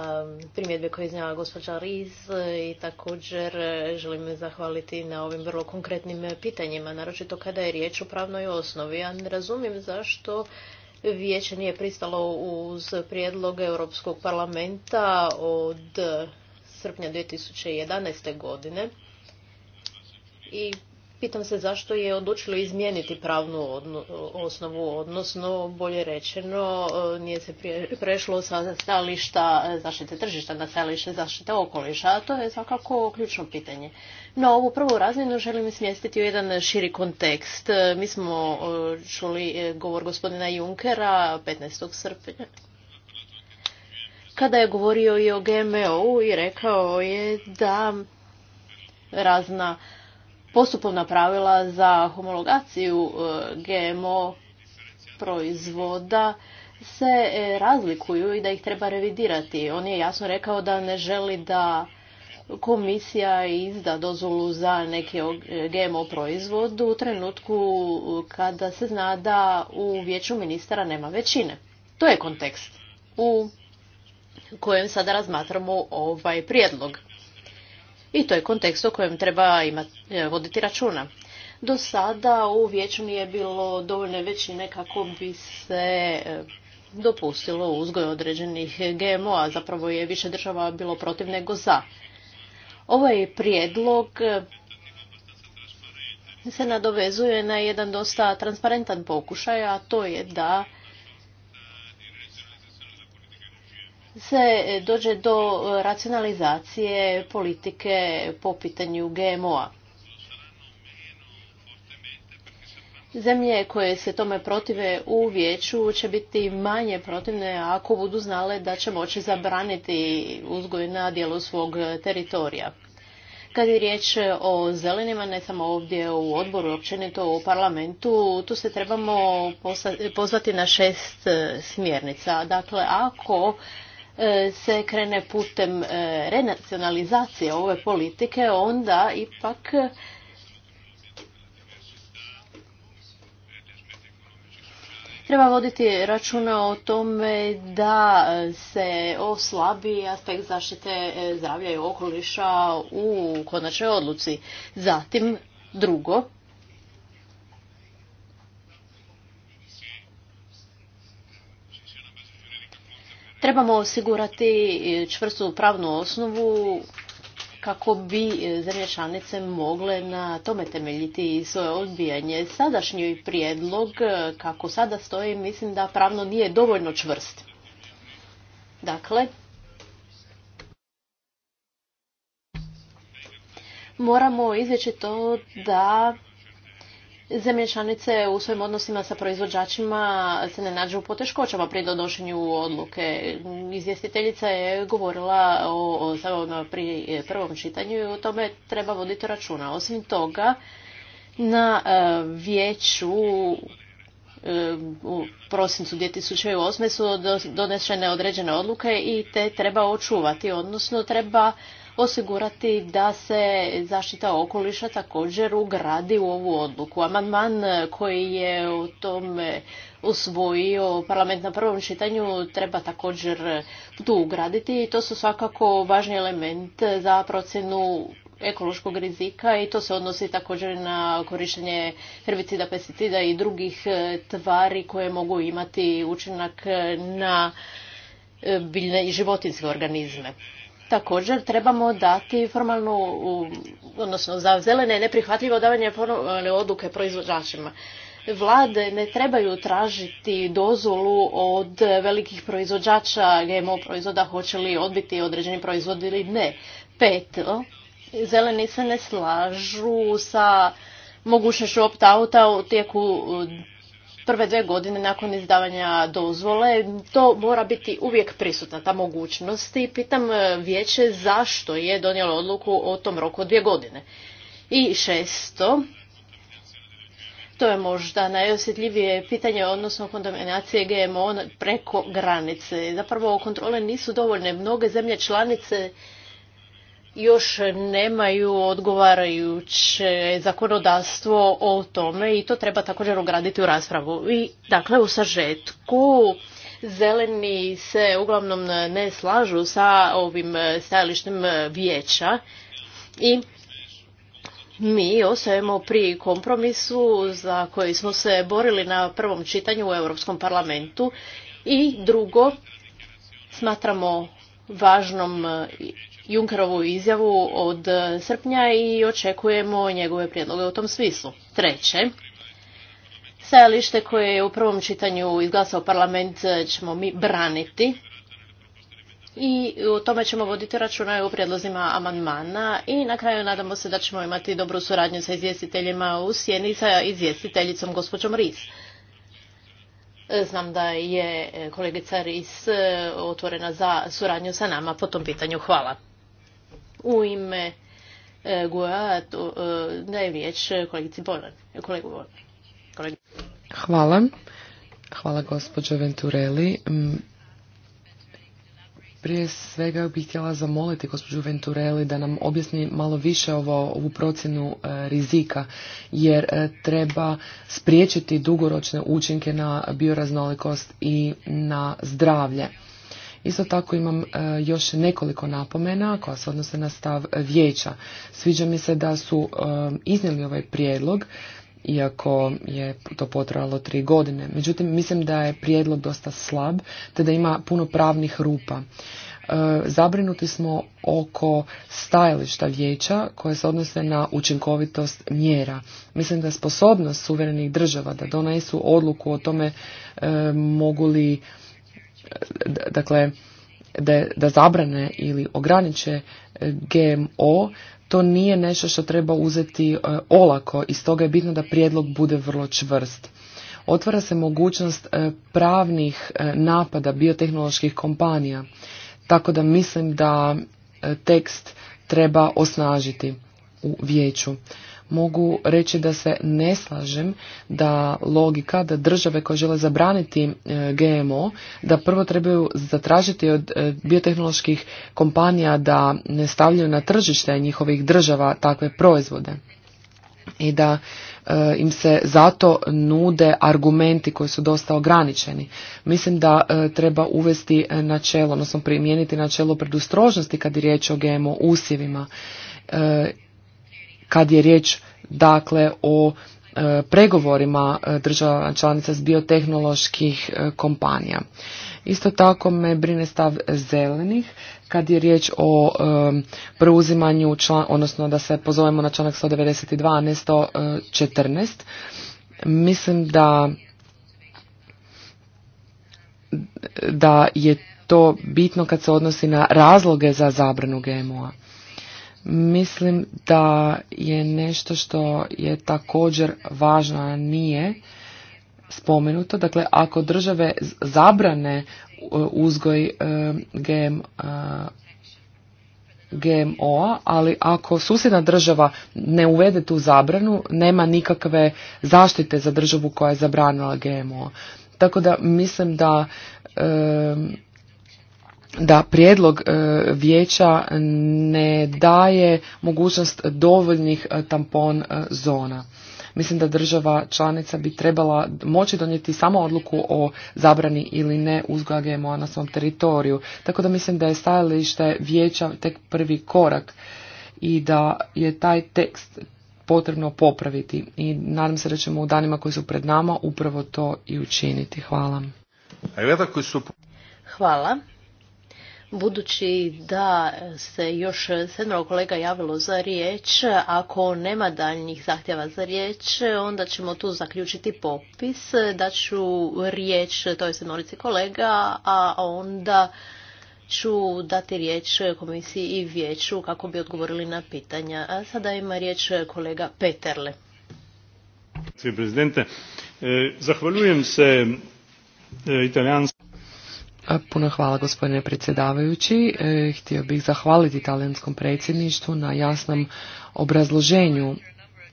primjedbe koje iznjava gospođa Riz eh, i također eh, želim zahvaliti na ovim vrlo konkretnim eh, pitanjima, naročito kada je riječ o pravnoj osnovi. Ja ne razumijem zašto vijeće nije pristalo uz prijedlog Europskog parlamenta od srpnja 2011. godine i Pitam se zašto je odlučilo izmijeniti pravnu osnovu, odnosno bolje rečeno e, nije se prešlo sa stajališta zaštite tržišta na stajalište zaštite okoliša, a to je svakako ključno pitanje. No, ovu prvu razinu želim smjestiti u jedan širi kontekst. E, mi smo e, čuli govor gospodina Junkera 15. srpnja kada je govorio i o GMO i rekao je da razna postupovna pravila za homologaciju e, GMO proizvoda se e, razlikuju i da ih treba revidirati. On je jasno rekao da ne želi da komisija izda dozvolu za neki GMO proizvod u trenutku kada se zna da u vijeću ministara nema većine. To je kontekst u kojem sada razmatramo ovaj prijedlog. I to je kontekst o kojem treba imati, e, voditi računa. Do sada u vijeću nije bilo dovoljne većine kako bi se e, dopustilo uzgoj određenih GMO-a. Zapravo je više država bilo protiv nego za. Ovaj prijedlog e, se nadovezuje na jedan dosta transparentan pokušaj, a to je da se e, dođe do e, racionalizacije politike po pitanju GMO-a. Zemlje koje se tome protive u vijeću će biti manje protivne ako budu znale da će moći zabraniti uzgoj na dijelu svog teritorija. Kad je riječ o zelenima, ne samo ovdje u odboru, općenito u parlamentu, tu se trebamo pozvati na šest e, smjernica. Dakle, ako E, se krene putem e, renacionalizacije ove politike, onda ipak e, treba voditi računa o tome da se oslabi aspekt zaštite zdravlja i okoliša u konačnoj odluci. Zatim, drugo, Trebamo osigurati čvrstu pravnu osnovu kako bi zemlje članice mogle na tome temeljiti svoje odbijanje. Sadašnji prijedlog, kako sada stoji, mislim da pravno nije dovoljno čvrst. Dakle, moramo izveći to da zemlje članice u svojim odnosima sa proizvođačima se ne nađu u poteškoćama pri donošenju odluke. Izvjestiteljica je govorila o, o pri prvom čitanju i o tome treba voditi računa. Osim toga, na e, vijeću e, u prosincu 2008. su donešene određene odluke i te treba očuvati, odnosno treba osigurati da se zaštita okoliša također ugradi u ovu odluku. Amandman koji je u tom usvojio parlament na prvom čitanju treba također tu ugraditi i to su svakako važni element za procjenu ekološkog rizika i to se odnosi također na korištenje herbicida, pesticida i drugih e, tvari koje mogu imati učinak na e, biljne i životinske organizme. Također trebamo dati formalnu, odnosno za zelene neprihvatljivo davanje formalne odluke proizvođačima. Vlade ne trebaju tražiti dozvolu od velikih proizvođača GMO proizvoda hoće li odbiti određeni proizvod ili ne. Peto, zeleni se ne slažu sa mogućnošću opt-outa u tijeku prve dve godine nakon izdavanja dozvole. To mora biti uvijek prisutna ta mogućnost i pitam e, vijeće zašto je donijelo odluku o tom roku dvije godine. I šesto, to je možda najosjetljivije pitanje, odnosno kontaminacije GMO preko granice. Zapravo kontrole nisu dovoljne. Mnoge zemlje članice još nemaju odgovarajuće zakonodavstvo o tome i to treba također ugraditi u raspravu. I dakle u sažetku zeleni se uglavnom ne slažu sa ovim stajalištem vijeća i mi ostajemo pri kompromisu za koji smo se borili na prvom čitanju u Europskom parlamentu i drugo smatramo važnom Junkerovu izjavu od e, srpnja i očekujemo njegove prijedloge u tom smislu. Treće, stajalište koje je u prvom čitanju izglasao parlament e, ćemo mi braniti i o tome ćemo voditi računa u prijedlozima amandmana i na kraju nadamo se da ćemo imati dobru suradnju sa izvjestiteljima u Sjeni sa izvjestiteljicom gospođom Ris. E, znam da je kolegica Ris otvorena za suradnju sa nama po tom pitanju. Hvala. U ime e, Goja e, dajem riječ kolegici Boran. kolegu Boran. Hvala. Hvala gospođo Venturelli. Mm, prije svega bih htjela zamoliti gospođu Venturelli da nam objasni malo više ovo, ovu procjenu e, rizika, jer treba spriječiti dugoročne učinke na bioraznolikost i na zdravlje. Isto tako imam e, još nekoliko napomena koja se odnose na stav vijeća. Sviđa mi se da su e, iznijeli ovaj prijedlog iako je to potrajalo tri godine. Međutim, mislim da je prijedlog dosta slab, te da ima puno pravnih rupa. E, zabrinuti smo oko stajališta vijeća koje se odnose na učinkovitost mjera. Mislim da je sposobnost suverenih država da donesu odluku o tome mogu li dakle, da, da zabrane ili ograniče e, GMO, to nije nešto što treba uzeti e, olako i stoga je bitno da prijedlog bude vrlo čvrst. Otvara se mogućnost e, pravnih napada biotehnoloških kompanija, tako da mislim da tekst treba osnažiti u vijeću mogu reći da se ne slažem da logika da države koje žele zabraniti e, GMO da prvo trebaju zatražiti od e, biotehnoloških kompanija da ne stavljaju na tržište njihovih država takve proizvode i da e, im se zato nude argumenti koji su dosta ograničeni. Mislim da treba uvesti načelo, odnosno primijeniti načelo predustrožnosti kad je riječ o GMO usjevima kad je riječ dakle o e, pregovorima e, država članica s biotehnoloških e, kompanija. Isto tako me brine stav zelenih kad je riječ o e, preuzimanju, odnosno da se pozovemo na članak 192, a ne 114. Mislim da da je to bitno kad se odnosi na razloge za zabranu GMO-a. Mislim da je nešto što je također važno, a nije spomenuto. Dakle, ako države zabrane uh, uzgoj uh, GMO-a, uh, ali ako susjedna država ne uvede tu zabranu, nema nikakve zaštite za državu koja je zabranila GMO. Tako da mislim da um, da prijedlog e, vijeća ne daje mogućnost dovoljnih e, tampon e, zona. Mislim da država članica bi trebala moći donijeti samo odluku o zabrani ili ne uzgoja GMO-a na svom teritoriju. Tako da mislim da je stajalište vijeća tek prvi korak i da je taj tekst potrebno popraviti i nadam se da ćemo u danima koji su pred nama upravo to i učiniti. Hvala. Hvala. Budući da se još sedmero kolega javilo za riječ, ako nema daljnjih zahtjeva za riječ, onda ćemo tu zaključiti popis. ću riječ toj sedmorici kolega, a onda ću dati riječ komisiji i vijeću kako bi odgovorili na pitanja. A sada ima riječ kolega Peterle. prezidente, eh, zahvaljujem se eh, italijanskom Puno hvala gospodine predsjedavajući. E, htio bih zahvaliti talijanskom predsjedništvu na jasnom obrazloženju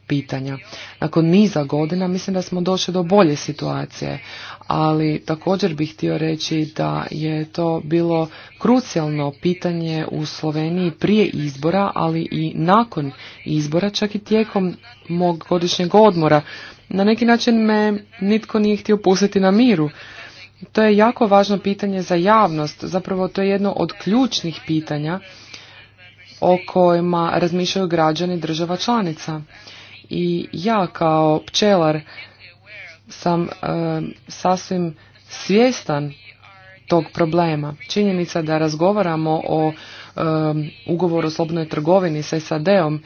pitanja. Nakon niza godina mislim da smo došli do bolje situacije, ali također bih htio reći da je to bilo krucijalno pitanje u Sloveniji prije izbora, ali i nakon izbora, čak i tijekom mog godišnjeg odmora. Na neki način me nitko nije htio pustiti na miru to je jako važno pitanje za javnost, zapravo to je jedno od ključnih pitanja o kojima razmišljaju građani država članica. I ja kao pčelar sam e, sasvim svjestan tog problema. Činjenica da razgovaramo o e, ugovoru o slobodnoj trgovini sa SAD-om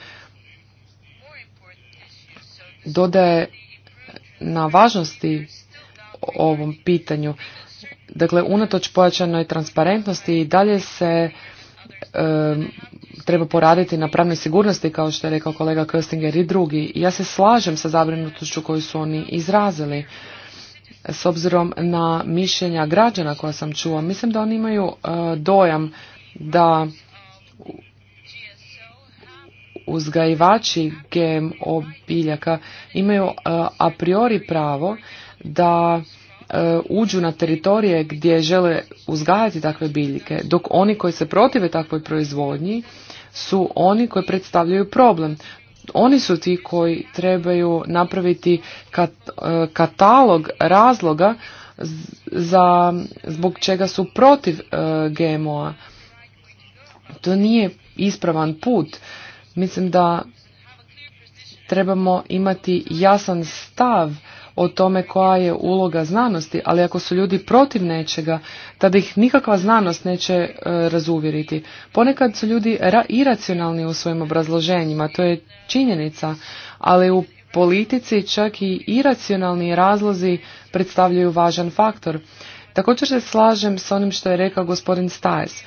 dodaje na važnosti ovom pitanju. Dakle, unatoč pojačanoj transparentnosti i dalje se treba poraditi na pravnoj sigurnosti, kao što je rekao kolega Köstinger i drugi. Ja se slažem sa zabrinutošću koju su oni izrazili. S obzirom na mišljenja građana koja sam čuo, mislim da oni imaju e, dojam da uzgajivači GMO biljaka imaju e, a priori pravo da e, uđu na teritorije gdje žele uzgajati takve biljke, dok oni koji se protive takvoj proizvodnji su oni koji predstavljaju problem. Oni su ti koji trebaju napraviti e, katalog razloga za, zbog čega su protiv e, GMO-a. To nije ispravan put. Mislim da trebamo imati jasan stav o tome koja je uloga znanosti, ali ako su ljudi protiv nečega, tada ih nikakva znanost neće e, razuvjeriti. Ponekad su ljudi iracionalni u svojim obrazloženjima, to je činjenica, ali u politici čak i iracionalni razlozi predstavljaju važan faktor. Također se slažem s onim što je rekao gospodin Stajs.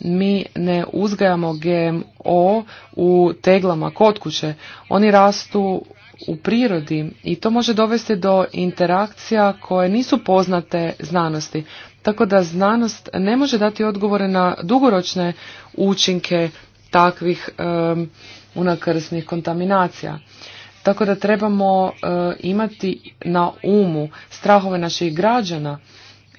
Mi ne uzgajamo GMO u teglama kod kuće. Oni rastu u prirodi i to može dovesti do interakcija koje nisu poznate znanosti. Tako da znanost ne može dati odgovore na dugoročne učinke takvih um, unakrsnih kontaminacija. Tako da trebamo eh, imati na umu strahove naših građana.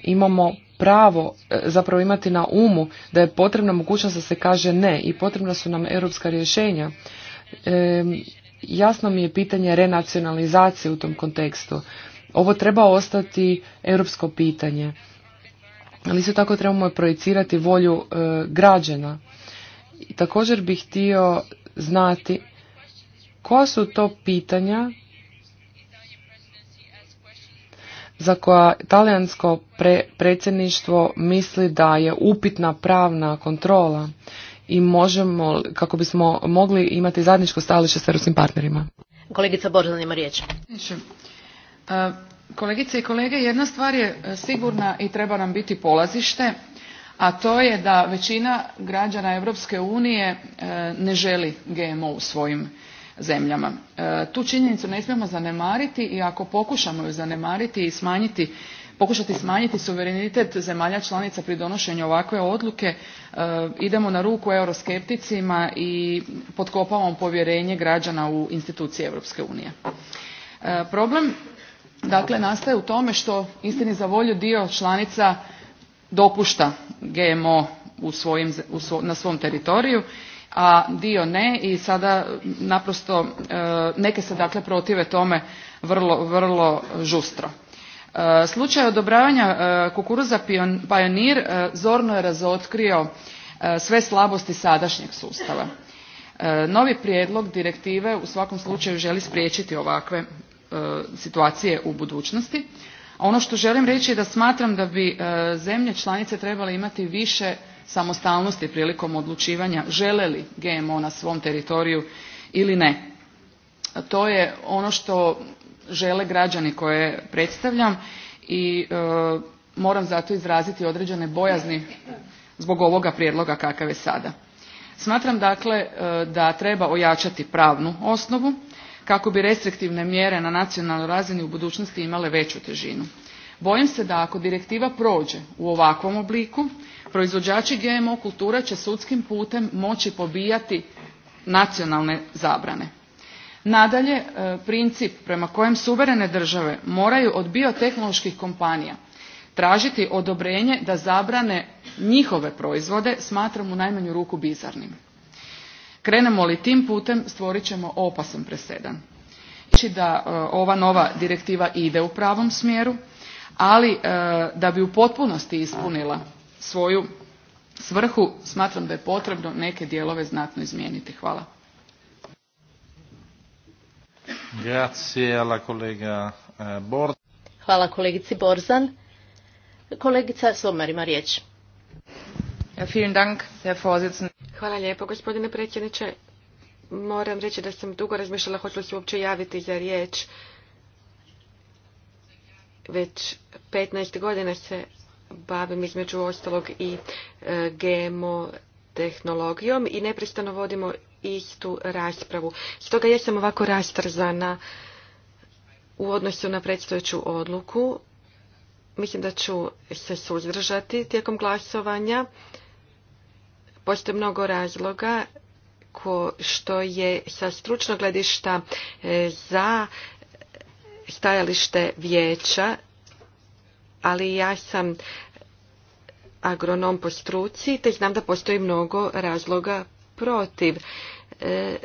Imamo pravo eh, zapravo imati na umu da je potrebna mogućnost da se kaže ne i potrebna su nam europska rješenja jasno mi je pitanje renacionalizacije u tom kontekstu. Ovo treba ostati europsko pitanje. Ali isto tako trebamo projecirati volju e, građana. I također bih htio znati koja su to pitanja za koja talijansko predsjedništvo misli da je upitna pravna kontrola i možemo, kako bismo mogli imati zajedničko stajalište s europskim partnerima. Kolegica Borzan ima riječ. E, kolegice i kolege, jedna stvar je e, sigurna i treba nam biti polazište, a to je da većina građana Europske unije e, ne želi GMO u svojim zemljama. Tu činjenicu ne smijemo zanemariti i ako pokušamo ju zanemariti i smanjiti pokušati smanjiti suverenitet zemalja članica pri donošenju ovakve odluke eh, idemo na ruku euroskepticima i potkopavamo povjerenje građana u institucije Europske unije. Eh, problem dakle nastaje u tome što istini za volju dio članica dopušta GMO na svom teritoriju a dio ne i sada naprosto eh, neke se dakle protive tome vrlo, vrlo žustro. E, slučaj odobravanja e, kukuruza pionir e, zorno je razotkrio sve slabosti sadašnjeg sustava novi prijedlog direktive u svakom slučaju želi spriječiti ovakve situacije u budućnosti a ono što želim reći je da smatram da bi zemlje članice trebale imati više samostalnosti prilikom odlučivanja žele li gmo na svom teritoriju ili ne to je ono što žele građani koje predstavljam i e, moram zato izraziti određene bojazni zbog ovoga prijedloga kakav je sada. Smatram dakle e, da treba ojačati pravnu osnovu kako bi restriktivne mjere na nacionalnoj razini u budućnosti imale veću težinu. Bojim se da ako direktiva prođe u ovakvom obliku, proizvođači GMO kultura će sudskim putem moći pobijati nacionalne zabrane. Nadalje, e, princip prema kojem suverene države moraju od biotehnoloških kompanija tražiti odobrenje da zabrane njihove proizvode smatram u najmanju ruku bizarnim. Krenemo li tim putem stvorit ćemo opasan presedan. Reći znači da e, ova nova direktiva ide u pravom smjeru, ali e, da bi u potpunosti ispunila svoju svrhu smatram da je potrebno neke dijelove znatno izmijeniti. Hvala. Eh, Hvala kolegici Borzan. Kolegica Somar ima riječ. Hvala lijepo, gospodine predsjedniče. Moram reći da sam dugo razmišljala hoću li se uopće javiti za riječ. Već 15 godina se bavim između ostalog i eh, GMO tehnologijom i neprestano vodimo istu raspravu. Stoga ja sam ovako rastrzana u odnosu na predstojeću odluku. Mislim da ću se suzdržati tijekom glasovanja. Postoje mnogo razloga što je sa stručnog gledišta e, za stajalište vijeća, ali ja sam agronom po struci, te znam da postoji mnogo razloga protiv. E,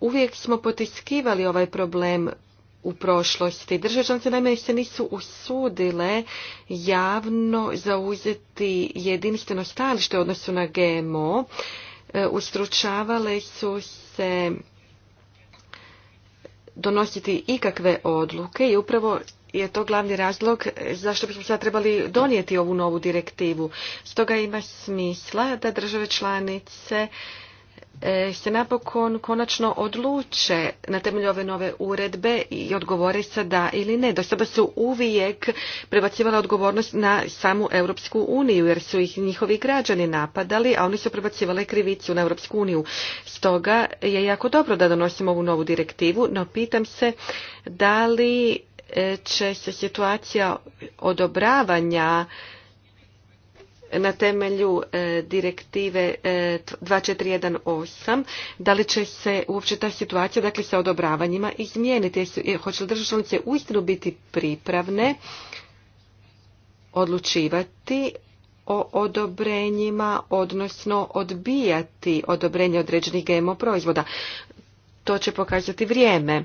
uvijek smo potiskivali ovaj problem u prošlosti. Države članice naime se nisu usudile javno zauzeti jedinstveno stajalište u odnosu na GMO. E, ustručavale su se donositi ikakve odluke i upravo je to glavni razlog zašto bismo sad trebali donijeti ovu novu direktivu. Stoga ima smisla da države članice e, se napokon konačno odluče na temelju ove nove uredbe i odgovore se da ili ne. Do sada su uvijek prebacivala odgovornost na samu Europsku uniju jer su ih njihovi građani napadali, a oni su prebacivali krivicu na Europsku uniju. Stoga je jako dobro da donosimo ovu novu direktivu, no pitam se da li će se situacija odobravanja na temelju e, direktive 2418, e, da li će se uopće ta situacija dakle, sa odobravanjima izmijeniti? Hoće li države članice uistinu biti pripravne odlučivati o odobrenjima, odnosno odbijati odobrenje određenih GMO proizvoda? To će pokazati vrijeme.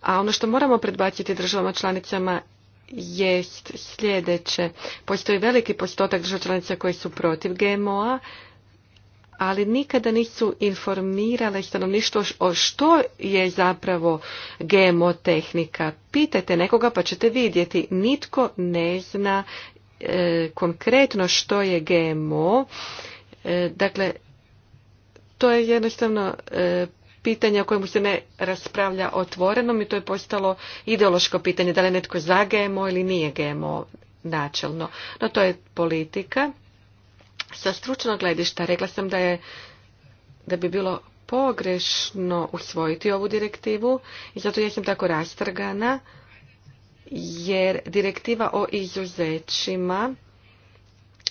A ono što moramo predbaciti državama članicama je sljedeće. Postoji veliki postotak država članica koji su protiv GMO-a, ali nikada nisu informirale stanovništvo o što je zapravo GMO tehnika. Pitajte nekoga pa ćete vidjeti. Nitko ne zna e, konkretno što je GMO. E, dakle, to je jednostavno e, pitanje o kojemu se ne raspravlja otvorenom i to je postalo ideološko pitanje, da li je netko za GMO ili nije GMO načelno. No to je politika. Sa stručnog gledišta rekla sam da je da bi bilo pogrešno usvojiti ovu direktivu i zato ja sam tako rastrgana jer direktiva o izuzećima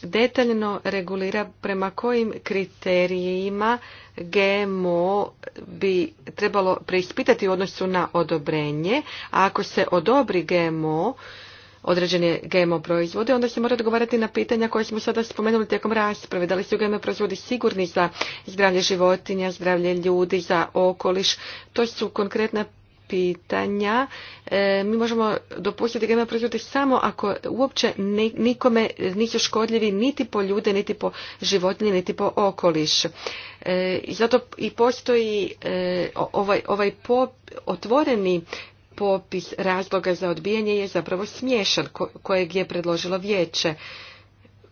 detaljno regulira prema kojim kriterijima GMO bi trebalo preispitati u odnosu na odobrenje, a ako se odobri GMO, određene GMO proizvode, onda se mora odgovarati na pitanja koje smo sada spomenuli tijekom rasprave. Da li su GMO proizvodi sigurni za zdravlje životinja, zdravlje ljudi, za okoliš? To su konkretna pitanja, e, mi možemo dopustiti GMO proizvode samo ako uopće nikome nisu škodljivi niti po ljude, niti po životinje, niti po okoliš. E, I zato i postoji e, ovaj, ovaj otvoreni popis razloga za odbijanje je zapravo smješan kojeg je predložilo vijeće.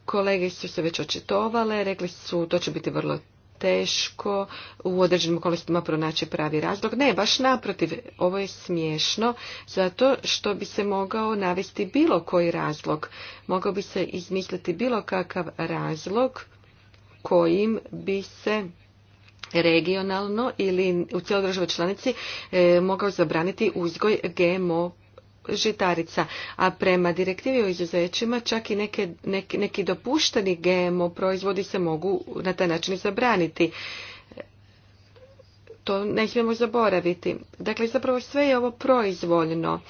Kolege su se već očitovale, rekli su to će biti vrlo teško u određenim okolnostima pronaći pravi razlog. Ne, baš naprotiv, ovo je smiješno, zato što bi se mogao navesti bilo koji razlog. Mogao bi se izmisliti bilo kakav razlog kojim bi se regionalno ili u cijeloj državi članici e, mogao zabraniti uzgoj GMO žitarica, a prema direktivi o izuzećima čak i neke, neki, neki dopušteni GMO proizvodi se mogu na taj način zabraniti. To ne smijemo zaboraviti. Dakle, zapravo sve je ovo proizvoljno.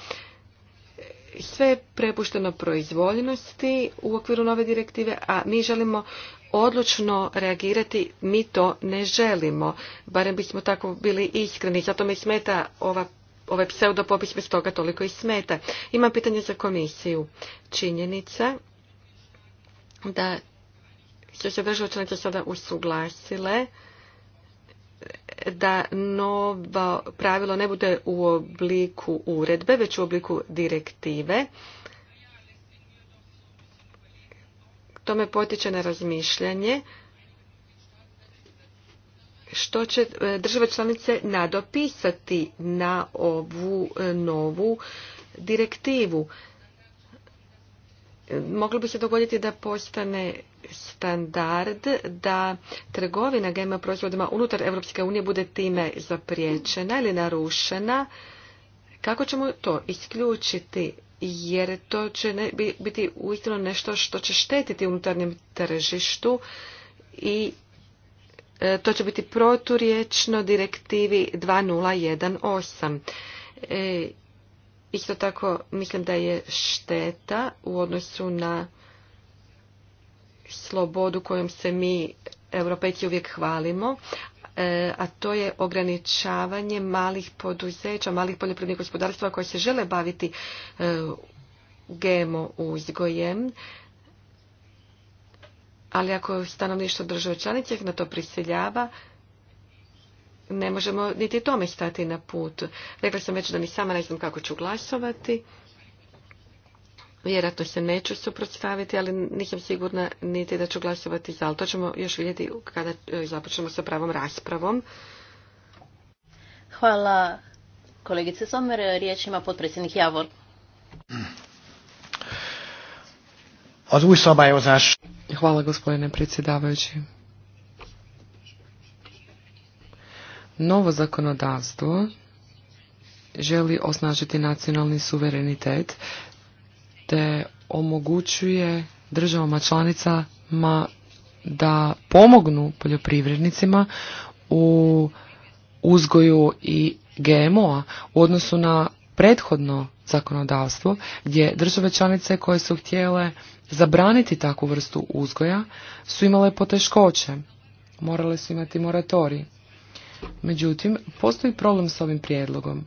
Sve je prepušteno proizvoljnosti u okviru nove direktive, a mi želimo odlučno reagirati, mi to ne želimo. Barem bismo tako bili iskreni. Zato mi smeta ova ovaj pseudopopis bez toga toliko i smeta. Ima pitanje za komisiju. Činjenica da su se države članice sada usuglasile da novo pravilo ne bude u obliku uredbe, već u obliku direktive. To me potiče na razmišljanje što će e, države članice nadopisati na ovu e, novu direktivu. E, moglo bi se dogoditi da postane standard da trgovina GMO proizvodima unutar Europske unije bude time zapriječena ili narušena. Kako ćemo to isključiti? Jer to će biti uistinu nešto što će štetiti unutarnjem tržištu i E, to će biti proturječno direktivi 2018. E, isto tako mislim da je šteta u odnosu na slobodu kojom se mi europejci uvijek hvalimo, e, a to je ograničavanje malih poduzeća, malih poljoprivrednih gospodarstva koje se žele baviti GMO uzgojem ali ako stanovništvo države članice na to prisiljava, ne možemo niti tome stati na put. Rekla sam već da mi sama ne znam kako ću glasovati. Vjerojatno se neću suprotstaviti, ali nisam sigurna niti da ću glasovati za. Ali to ćemo još vidjeti kada e, započnemo sa pravom raspravom. Hvala kolegice Somer. Riječ ima potpredsjednik Javor. Hvala gospodine predsjedavajući. Novo zakonodavstvo želi osnažiti nacionalni suverenitet te omogućuje državama članicama da pomognu poljoprivrednicima u uzgoju i GMO-a u odnosu na prethodno zakonodavstvo gdje države članice koje su htjele zabraniti takvu vrstu uzgoja su imale poteškoće. Morale su imati moratorij. Međutim, postoji problem s ovim prijedlogom.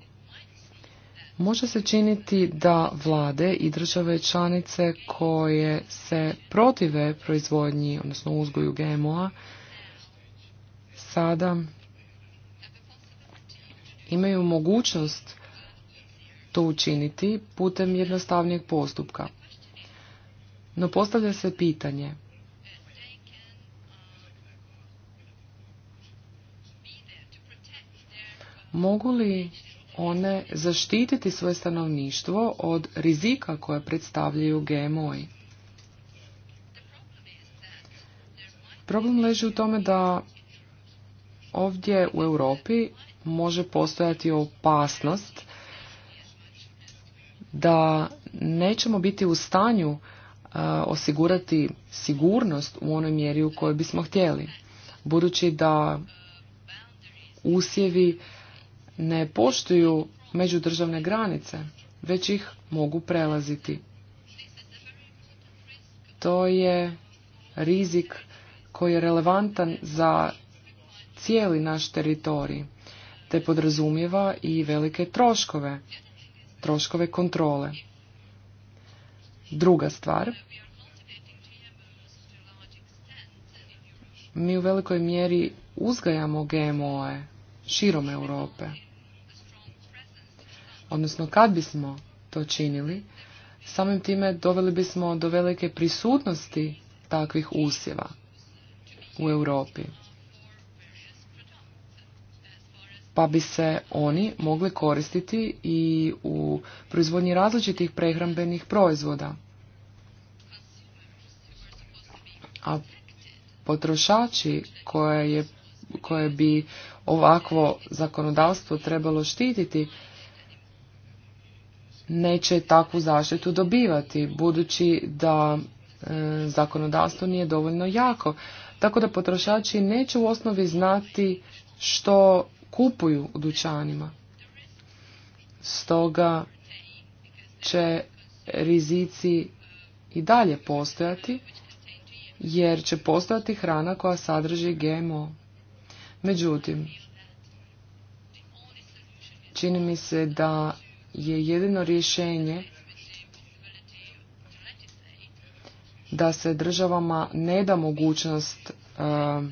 Može se činiti da vlade i države članice koje se protive proizvodnji, odnosno uzgoju GMO-a, sada imaju mogućnost to učiniti putem jednostavnijeg postupka. No postavlja se pitanje. Mogu li one zaštititi svoje stanovništvo od rizika koje predstavljaju gmo Problem leži u tome da ovdje u Europi može postojati opasnost da nećemo biti u stanju e, osigurati sigurnost u onoj mjeri u kojoj bismo htjeli. Budući da usjevi ne poštuju međudržavne granice, već ih mogu prelaziti. To je rizik koji je relevantan za cijeli naš teritorij, te podrazumijeva i velike troškove troškove kontrole. Druga stvar, mi u velikoj mjeri uzgajamo GMO-e širom Europe. Odnosno, kad bismo to činili, samim time doveli bismo do velike prisutnosti takvih usjeva u Europi pa bi se oni mogli koristiti i u proizvodnji različitih prehrambenih proizvoda. A potrošači koje, je, koje bi ovakvo zakonodavstvo trebalo štititi neće takvu zaštitu dobivati budući da e, zakonodavstvo nije dovoljno jako tako da potrošači neće u osnovi znati što kupuju u dućanima. Stoga će rizici i dalje postojati, jer će postojati hrana koja sadrži GMO. Međutim, čini mi se da je jedino rješenje da se državama ne da mogućnost uh,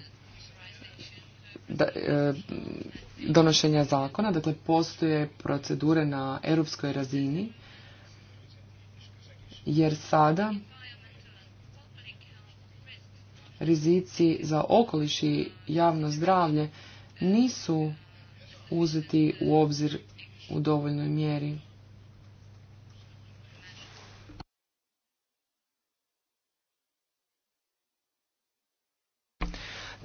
E, donošenja zakona, dakle postoje procedure na europskoj razini, jer sada rizici za okoliš i javno zdravlje nisu uzeti u obzir u dovoljnoj mjeri.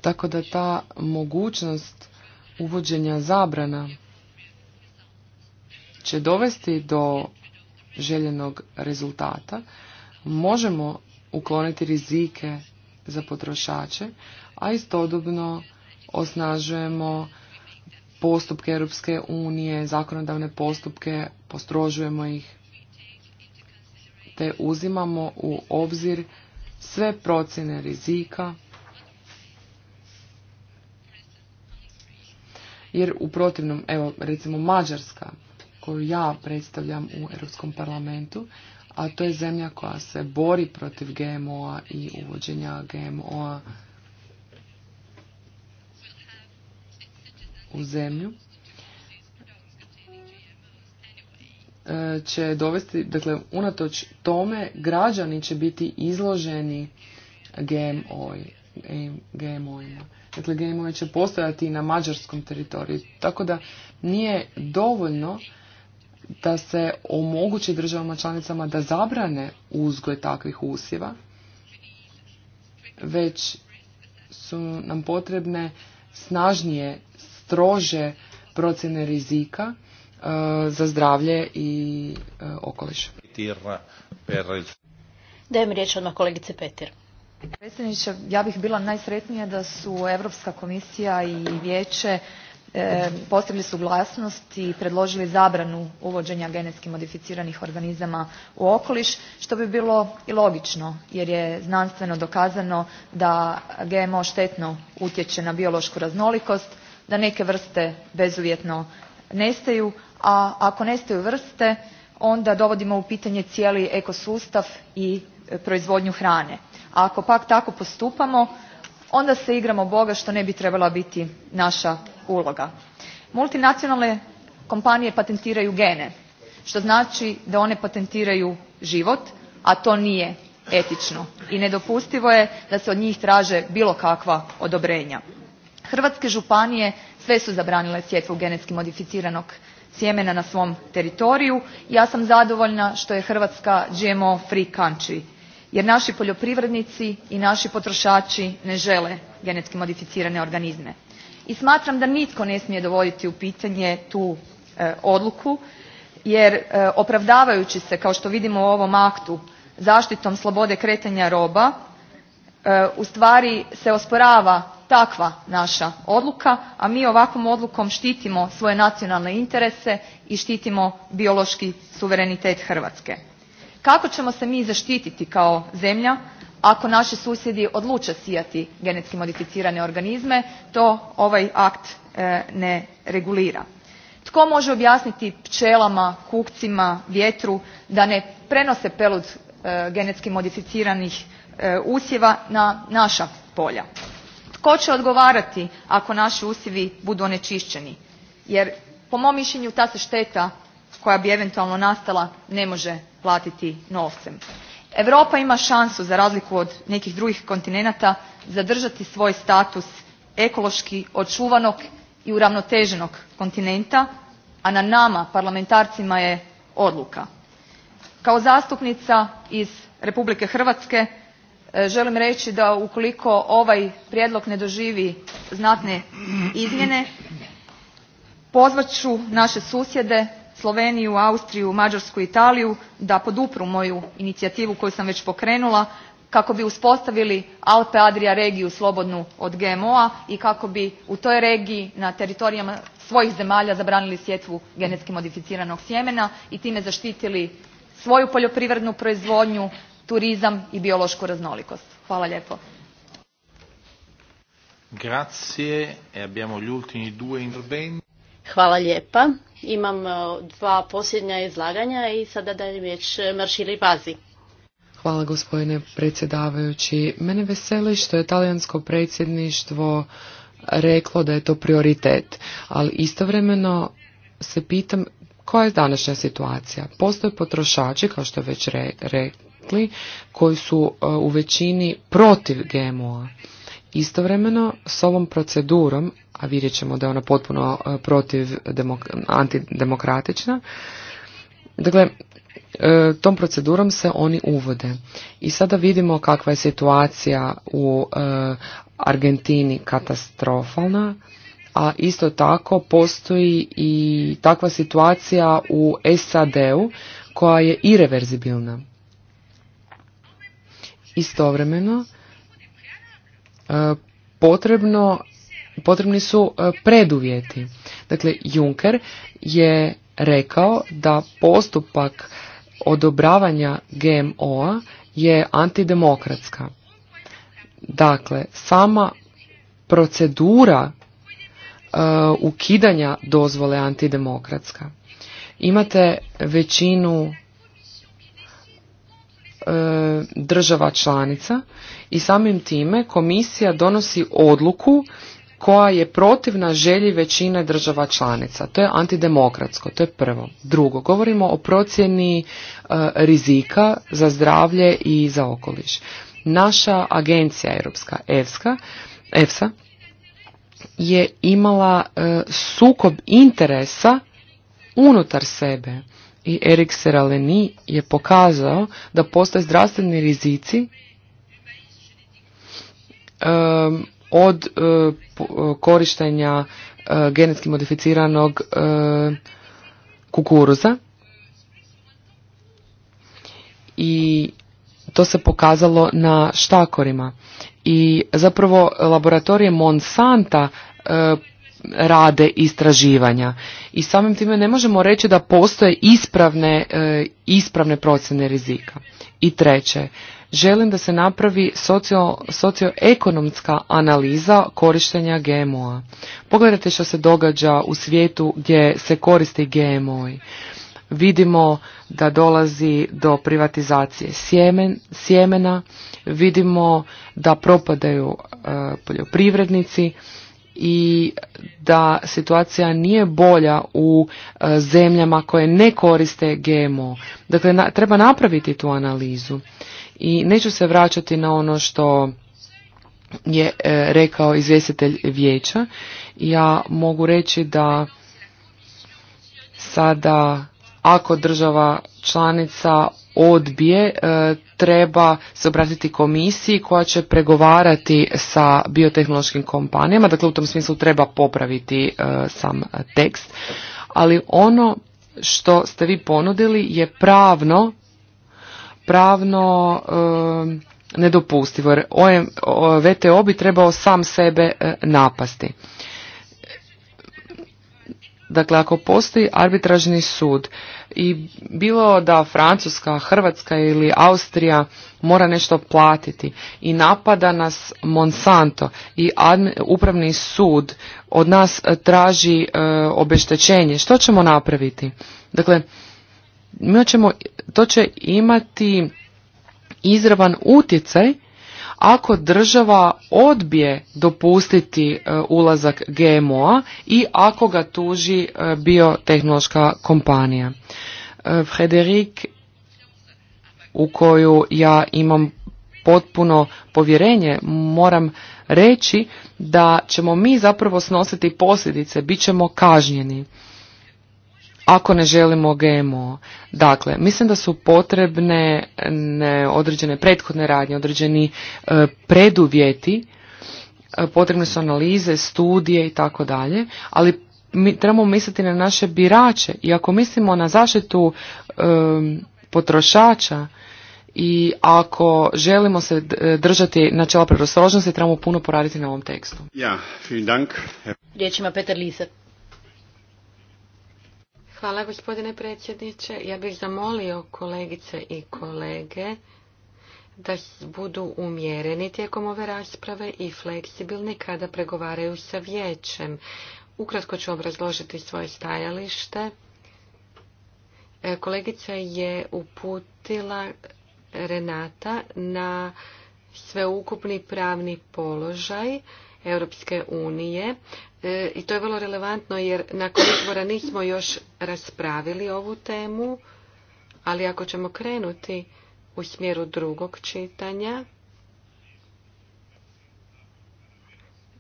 Tako da ta mogućnost uvođenja zabrana će dovesti do željenog rezultata. Možemo ukloniti rizike za potrošače, a istodobno osnažujemo postupke Europske unije, zakonodavne postupke, postrožujemo ih, te uzimamo u obzir sve procjene rizika jer u protivnom, evo recimo Mađarska koju ja predstavljam u Europskom parlamentu, a to je zemlja koja se bori protiv GMO-a i uvođenja GMO-a u zemlju e, će dovesti, dakle, unatoč tome građani će biti izloženi GMO-ima. Dakle, GMO će postojati i na mađarskom teritoriju. Tako da nije dovoljno da se omogući državama članicama da zabrane uzgoj takvih usjeva, već su nam potrebne snažnije, strože procjene rizika e, za zdravlje i e, okoliš. Dajem riječ odmah kolegice Predsjedniče, ja bih bila najsretnija da su Europska komisija i vijeće e, postavili postigli suglasnost i predložili zabranu uvođenja genetski modificiranih organizama u okoliš što bi bilo i logično jer je znanstveno dokazano da GMO štetno utječe na biološku raznolikost, da neke vrste bezuvjetno nestaju, a ako nestaju vrste onda dovodimo u pitanje cijeli ekosustav i proizvodnju hrane a ako pak tako postupamo onda se igramo boga što ne bi trebala biti naša uloga. multinacionalne kompanije patentiraju gene što znači da one patentiraju život a to nije etično i nedopustivo je da se od njih traže bilo kakva odobrenja. hrvatske županije sve su zabranile sjetvu genetski modificiranog sjemena na svom teritoriju ja sam zadovoljna što je hrvatska gmo free country jer naši poljoprivrednici i naši potrošači ne žele genetski modificirane organizme. I smatram da nitko ne smije dovoditi u pitanje tu e, odluku jer e, opravdavajući se kao što vidimo u ovom aktu zaštitom slobode kretanja roba e, stvari se osporava takva naša odluka a mi ovakvom odlukom štitimo svoje nacionalne interese i štitimo biološki suverenitet hrvatske. Kako ćemo se mi zaštititi kao zemlja ako naši susjedi odluče sijati genetski modificirane organizme to ovaj akt e, ne regulira. Tko može objasniti pčelama, kukcima, vjetru da ne prenose pelud e, genetski modificiranih e, usjeva na naša polja? Tko će odgovarati ako naši usjevi budu onečišćeni? Jer po mom mišljenju ta se šteta koja bi eventualno nastala ne može platiti novcem. Europa ima šansu za razliku od nekih drugih kontinenata zadržati svoj status ekološki očuvanog i uravnoteženog kontinenta, a na nama parlamentarcima je odluka. Kao zastupnica iz Republike Hrvatske e, želim reći da ukoliko ovaj prijedlog ne doživi znatne izmjene pozvat ću naše susjede sloveniju austriju mađarsku i italiju da podupru moju inicijativu koju sam već pokrenula kako bi uspostavili alpe adria regiju slobodnu od gmo a i kako bi u toj regiji na teritorijama svojih zemalja zabranili sjetvu genetski modificiranog sjemena i time zaštitili svoju poljoprivrednu proizvodnju turizam i biološku raznolikost. hvala lijepo. Grazie, e Hvala lijepa. Imam e, dva posljednja izlaganja i sada dajem riječ marširi bazi. Hvala gospodine predsjedavajući. Mene veseli što je talijansko predsjedništvo reklo da je to prioritet, ali istovremeno se pitam koja je današnja situacija. Postoje potrošači, kao što već rekli, koji su e, u većini protiv GMO-a Istovremeno, s ovom procedurom, a vidjet ćemo da je ona potpuno e, protiv antidemokratična, dakle, e, tom procedurom se oni uvode. I sada vidimo kakva je situacija u e, Argentini katastrofalna, a isto tako postoji i takva situacija u SAD-u koja je ireverzibilna. Istovremeno, E, potrebno, potrebni su e, preduvjeti. Dakle, Juncker je rekao da postupak odobravanja GMO-a je antidemokratska. Dakle, sama procedura e, ukidanja dozvole antidemokratska. Imate većinu država članica i samim time komisija donosi odluku koja je protivna želji većine država članica. To je antidemokratsko, to je prvo. Drugo, govorimo o procjeni e, rizika za zdravlje i za okoliš. Naša agencija Europska EFSA, je imala e, sukob interesa unutar sebe i Erik Seraleni je pokazao da postoje zdravstveni rizici od e, e, korištenja e, genetski modificiranog kukuruza i to se pokazalo na štakorima. I zapravo laboratorije Monsanta rade istraživanja i samim time ne možemo reći da postoje ispravne, ispravne procjene rizika. I treće, želim da se napravi socio, socioekonomska analiza korištenja GMO-a. Pogledajte što se događa u svijetu gdje se koristi GMO-i. Vidimo da dolazi do privatizacije sjemen, sjemena, vidimo da propadaju e, poljoprivrednici i da situacija nije bolja u e, zemljama koje ne koriste GMO. Dakle, treba napraviti tu analizu i neću se vraćati na ono što je e, rekao izvjestitelj vijeća. Ja mogu reći da sada ako država članica odbije e, treba se obratiti komisiji koja će pregovarati sa biotehnološkim kompanijama, dakle u tom smislu treba popraviti e, sam tekst, ali ono što ste vi ponudili je pravno pravno nedopustivo jer VTO bi trebao sam sebe e, napasti. Dakle, ako postoji arbitražni sud i bilo da Francuska, Hrvatska ili Austrija mora nešto platiti i napada nas Monsanto i upravni sud od nas traži e, obeštećenje, što ćemo napraviti? Dakle, mi ćemo, to će imati izravan utjecaj ako država odbije dopustiti e, ulazak GMO-a i ako ga tuži e, biotehnološka kompanija. E, Frederik, u koju ja imam potpuno povjerenje, moram reći da ćemo mi zapravo snositi posljedice, bit ćemo kažnjeni ako ne želimo GMO. Dakle, mislim da su potrebne ne, određene prethodne radnje, određeni e, preduvjeti, e, potrebne su analize, studije i tako dalje, ali mi trebamo misliti na naše birače i ako mislimo na zaštitu e, potrošača i ako želimo se držati načela predostrožnosti, trebamo puno poraditi na ovom tekstu. Ja, vielen Dank. Riječ ima Peter Hvala gospodine predsjedniče. Ja bih zamolio kolegice i kolege da budu umjereni tijekom ove rasprave i fleksibilni kada pregovaraju sa vijećem. Ukratko ću obrazložiti svoje stajalište. E, kolegica je uputila Renata na sveukupni pravni položaj Europske unije e, i to je vrlo relevantno jer nakon izbora nismo još raspravili ovu temu, ali ako ćemo krenuti u smjeru drugog čitanja,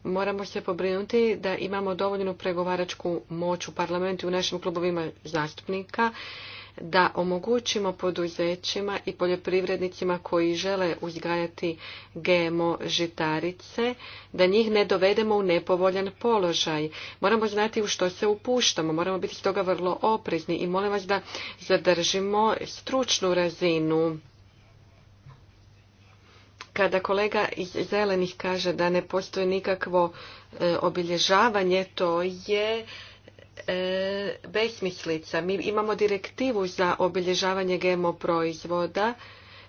moramo se pobrinuti da imamo dovoljnu pregovaračku moć u parlamentu u našim klubovima zastupnika da omogućimo poduzećima i poljoprivrednicima koji žele uzgajati GMO žitarice, da njih ne dovedemo u nepovoljan položaj. Moramo znati u što se upuštamo, moramo biti toga vrlo oprezni i molim vas da zadržimo stručnu razinu kada kolega iz zelenih kaže da ne postoji nikakvo e, obilježavanje, to je E, besmislica. Mi imamo direktivu za obilježavanje GMO proizvoda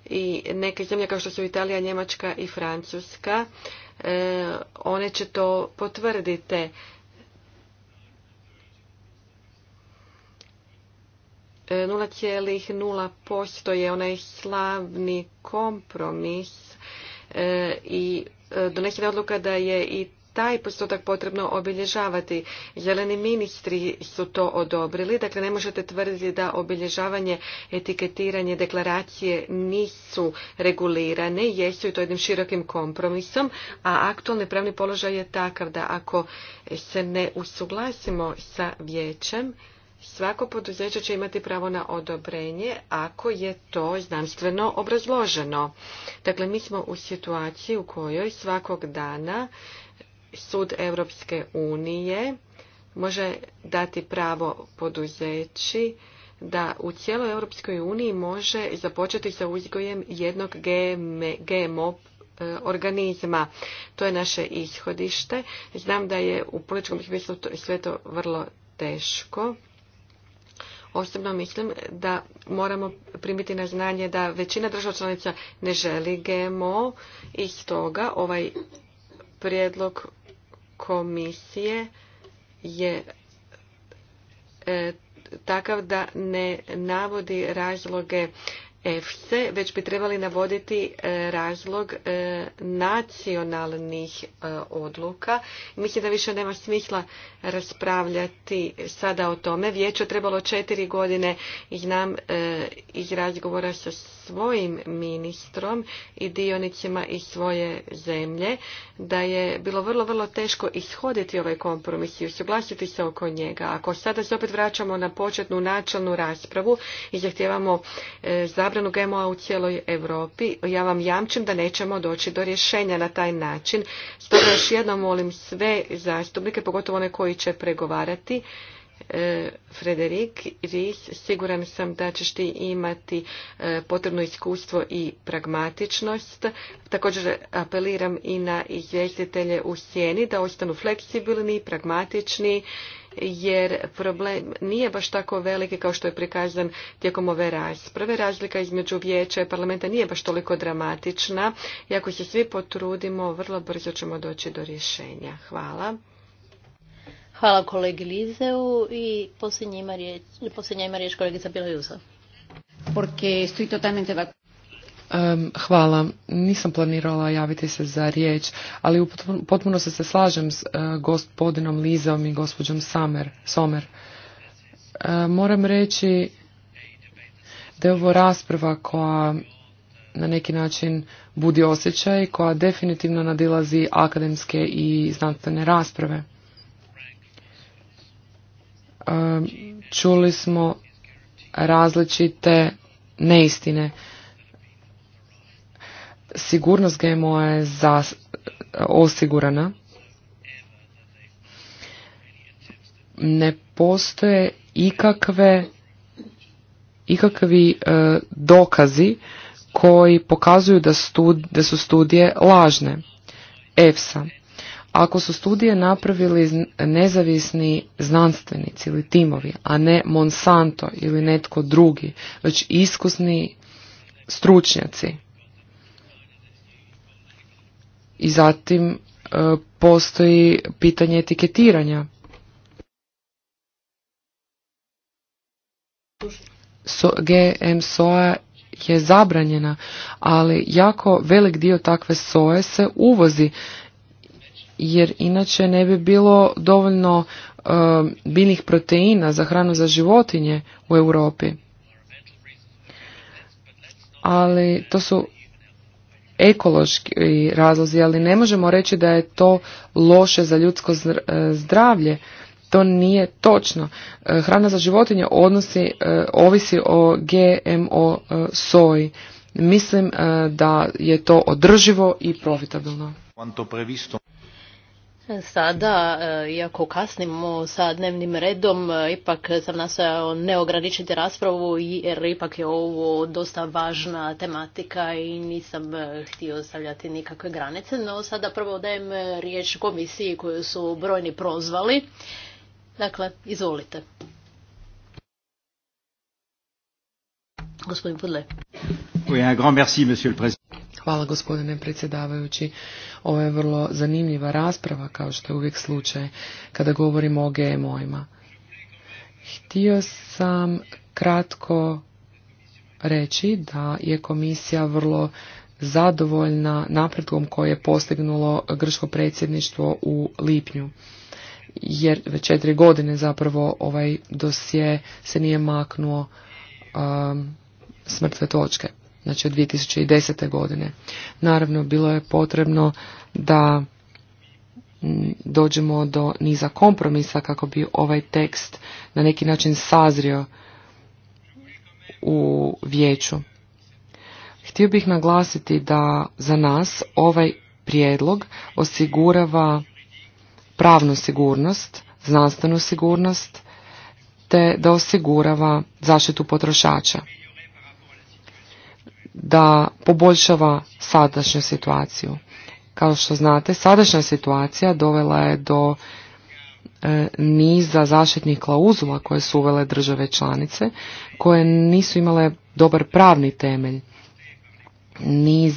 i neke zemlje kao što su Italija, Njemačka i Francuska, e, one će to potvrditi. E, nula posto je onaj slavni kompromis i donesena odluka da je i taj postotak potrebno obilježavati. Zeleni ministri su to odobrili, dakle ne možete tvrditi da obilježavanje, etiketiranje, deklaracije nisu regulirane, jesu i to jednim širokim kompromisom, a aktualni pravni položaj je takav da ako se ne usuglasimo sa vijećem, Svako poduzeće će imati pravo na odobrenje ako je to znanstveno obrazloženo. Dakle, mi smo u situaciji u kojoj svakog dana sud Europske unije može dati pravo poduzeći da u cijeloj Europskoj uniji može započeti sa uzgojem jednog GMO e, organizma. To je naše ishodište. Znam da je u političkom smislu sve to vrlo teško. Osobno mislim da moramo primiti na znanje da većina država članica ne želi GMO i stoga ovaj prijedlog komisije je e, takav da ne navodi razloge EFSE, već bi trebali navoditi e, razlog e, nacionalnih e, odluka. Mislim da više nema smisla raspravljati sada o tome. Vijeće trebalo četiri godine i znam iz razgovora sa svojim ministrom i dionicima iz svoje zemlje da je bilo vrlo, vrlo teško ishoditi ovaj kompromis i usuglasiti se oko njega. Ako sada se opet vraćamo na početnu načelnu raspravu i zahtijevamo zabranu GMO-a u cijeloj Europi. Ja vam jamčim da nećemo doći do rješenja na taj način. Stoga još jednom molim sve zastupnike, pogotovo one koji će pregovarati, e, Frederik Ries, siguran sam da ćeš ti imati e, potrebno iskustvo i pragmatičnost. Također apeliram i na izvjestitelje u sjeni da ostanu fleksibilni, pragmatični jer problem nije baš tako veliki kao što je prikazan tijekom ove rasprave. Razlika između vijeća i parlamenta nije baš toliko dramatična i ako se svi potrudimo, vrlo brzo ćemo doći do rješenja. Hvala. Hvala kolegi Lizeu i posljednja ima riječ kolegica Bila Juza. Porque estoy totalmente hvala. Nisam planirala javiti se za riječ, ali u potpuno se, se slažem s e, gospodinom Lizom i gospođom Somer. E, moram reći da je ovo rasprava koja na neki način budi osjećaj, koja definitivno nadilazi akademske i znanstvene rasprave. čuli smo različite neistine sigurnost GMO je za, osigurana. Ne postoje ikakve ikakvi e, dokazi koji pokazuju da, da su studije lažne. EFSA. Ako su studije napravili nezavisni znanstvenici ili timovi, a ne Monsanto ili netko drugi, već iskusni stručnjaci, i zatim e, postoji pitanje etiketiranja. So, GM soja je zabranjena, ali jako velik dio takve soje se uvozi, jer inače ne bi bilo dovoljno e, proteina za hranu za životinje u Europi. Ali to su ekološki razlozi, ali ne možemo reći da je to loše za ljudsko e, zdravlje. To nije točno. E, hrana za životinje odnosi, e, ovisi o GMO soji. Mislim da je to održivo i profitabilno. Sada, e, iako kasnimo sa dnevnim redom, e, ipak sam nastojao neograničiti raspravu jer ipak je ovo dosta važna tematika i nisam e, htio stavljati nikakve granice. No sada prvo dajem riječ komisiji koju su brojni prozvali. Dakle, izvolite. Gospodin Pudle. Oui, grand merci, monsieur le Hvala gospodine predsjedavajući. Ovo je vrlo zanimljiva rasprava kao što je uvijek slučaj kada govorimo o GMO-ima. Htio sam kratko reći da je komisija vrlo zadovoljna napretkom koje je postignulo grško predsjedništvo u lipnju. Jer već četiri godine zapravo ovaj dosje se nije maknuo um, smrtve točke znači od 2010. godine. Naravno, bilo je potrebno da dođemo do niza kompromisa kako bi ovaj tekst na neki način sazrio u vijeću. Htio bih naglasiti da za nas ovaj prijedlog osigurava pravnu sigurnost, znanstvenu sigurnost, te da osigurava zaštitu potrošača da poboljšava sadašnju situaciju. Kao što znate, sadašnja situacija dovela je do e, niza zaštitnih klauzula koje su uvele države članice, koje nisu imale dobar pravni temelj. Niz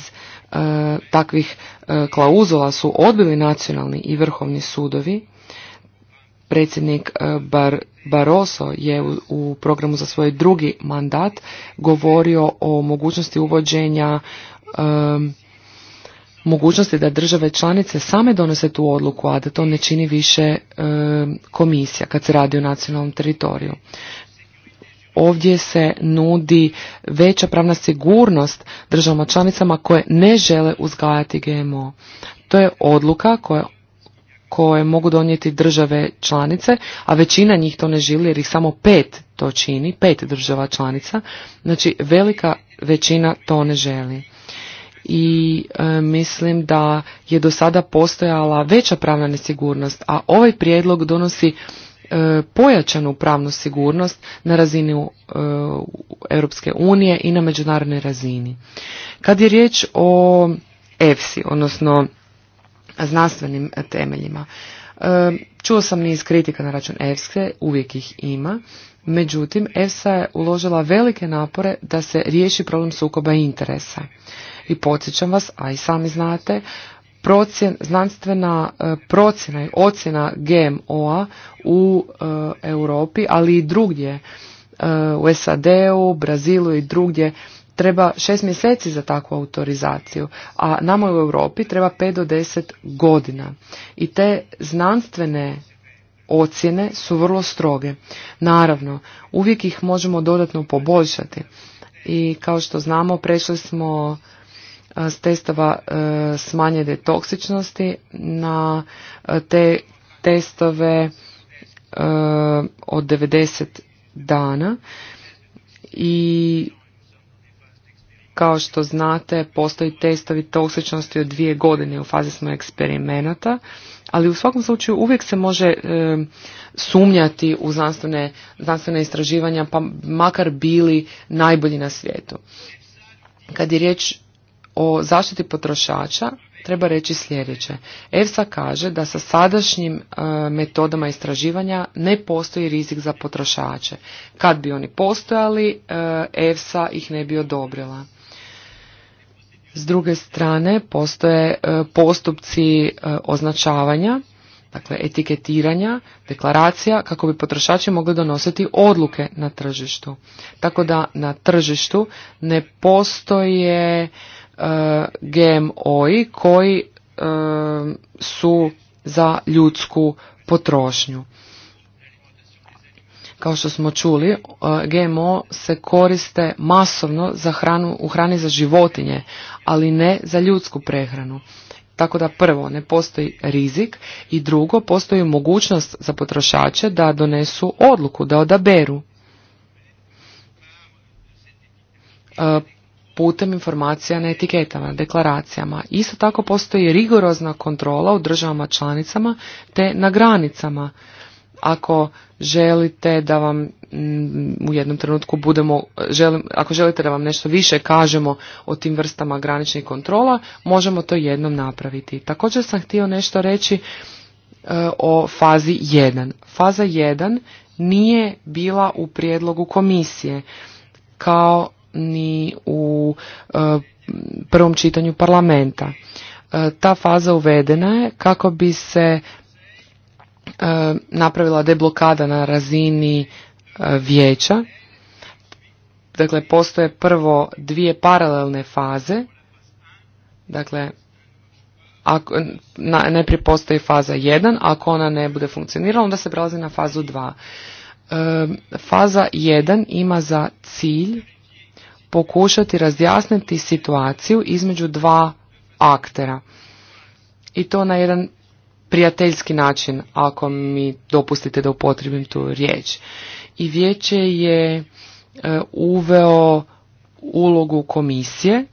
e, takvih e, klauzula su odbili nacionalni i vrhovni sudovi. Predsjednik Bar Barroso je u, programu za svoj drugi mandat govorio o mogućnosti uvođenja mogućnosti da države članice same donose tu odluku, a da to ne čini više komisija kad se radi o nacionalnom teritoriju. Ovdje se nudi veća pravna sigurnost državama članicama koje ne žele uzgajati GMO. To je odluka koja koje mogu donijeti države članice, a većina njih to ne želi jer ih samo pet to čini, pet država članica, znači velika većina to ne želi. I e, mislim da je do sada postojala veća pravna nesigurnost, a ovaj prijedlog donosi e, pojačanu pravnu sigurnost na razini e, Europske unije i na međunarodnoj razini. Kad je riječ o EFSI, odnosno znanstvenim e, temeljima. E, čuo sam niz kritika na račun EFSA, uvijek ih ima, međutim EFSA je uložila velike napore da se riješi problem sukoba interesa. I podsjećam vas, a i sami znate, procjen, znanstvena e, procjena i ocjena GMO-a u Europi, ali i drugdje, u SAD-u, Brazilu i drugdje treba šest mjeseci za takvu autorizaciju, a nama u Europi treba 5 do deset godina. I te znanstvene ocjene su vrlo stroge. Naravno, uvijek ih možemo dodatno poboljšati. I kao što znamo, prešli smo e, s testova e, smanjene toksičnosti na e, te testove od 90 dana i kao što znate, postoji testovi toksičnosti od dvije godine, u fazi smo eksperimenata, ali u svakom slučaju uvijek se može sumnjati u znanstvene, znanstvene istraživanja, pa makar bili najbolji na svijetu. Kad je riječ o zaštiti potrošača, treba reći sljedeće. EFSA kaže da sa sadašnjim e, metodama istraživanja ne postoji rizik za potrošače. Kad bi oni postojali, e, EFSA ih ne bi odobrila. S druge strane postoje e, postupci e, označavanja, dakle etiketiranja, deklaracija kako bi potrošači mogli donositi odluke na tržištu. Tako da na tržištu ne postoje e, GMO-i koji su za ljudsku potrošnju. Kao što smo čuli, e, GMO se koriste masovno za hranu, u hrani za životinje, ali ne za ljudsku prehranu. Tako da prvo, ne postoji rizik i drugo, postoji mogućnost za potrošače da donesu odluku, da odaberu e, putem informacija na etiketama, deklaracijama. Isto tako postoji rigorozna kontrola u državama članicama te na granicama ako želite da vam mm, u jednom trenutku budemo, ako želite da vam nešto više kažemo o tim vrstama graničnih kontrola, možemo to jednom napraviti. Također sam htio nešto reći e, o fazi 1. Faza 1 nije bila u prijedlogu komisije kao ni u e, prvom čitanju parlamenta. E, ta faza uvedena je kako bi se E, napravila deblokada na razini e, vijeća. Dakle, postoje prvo dvije paralelne faze. Dakle, ako, na, postoji faza 1, ako ona ne bude funkcionirala, onda se prelazi na fazu 2. E, faza 1 ima za cilj pokušati razjasniti situaciju između dva aktera. I to na jedan prijateljski način, ako mi dopustite da upotrebim tu riječ. I vijeće je e, uveo ulogu komisije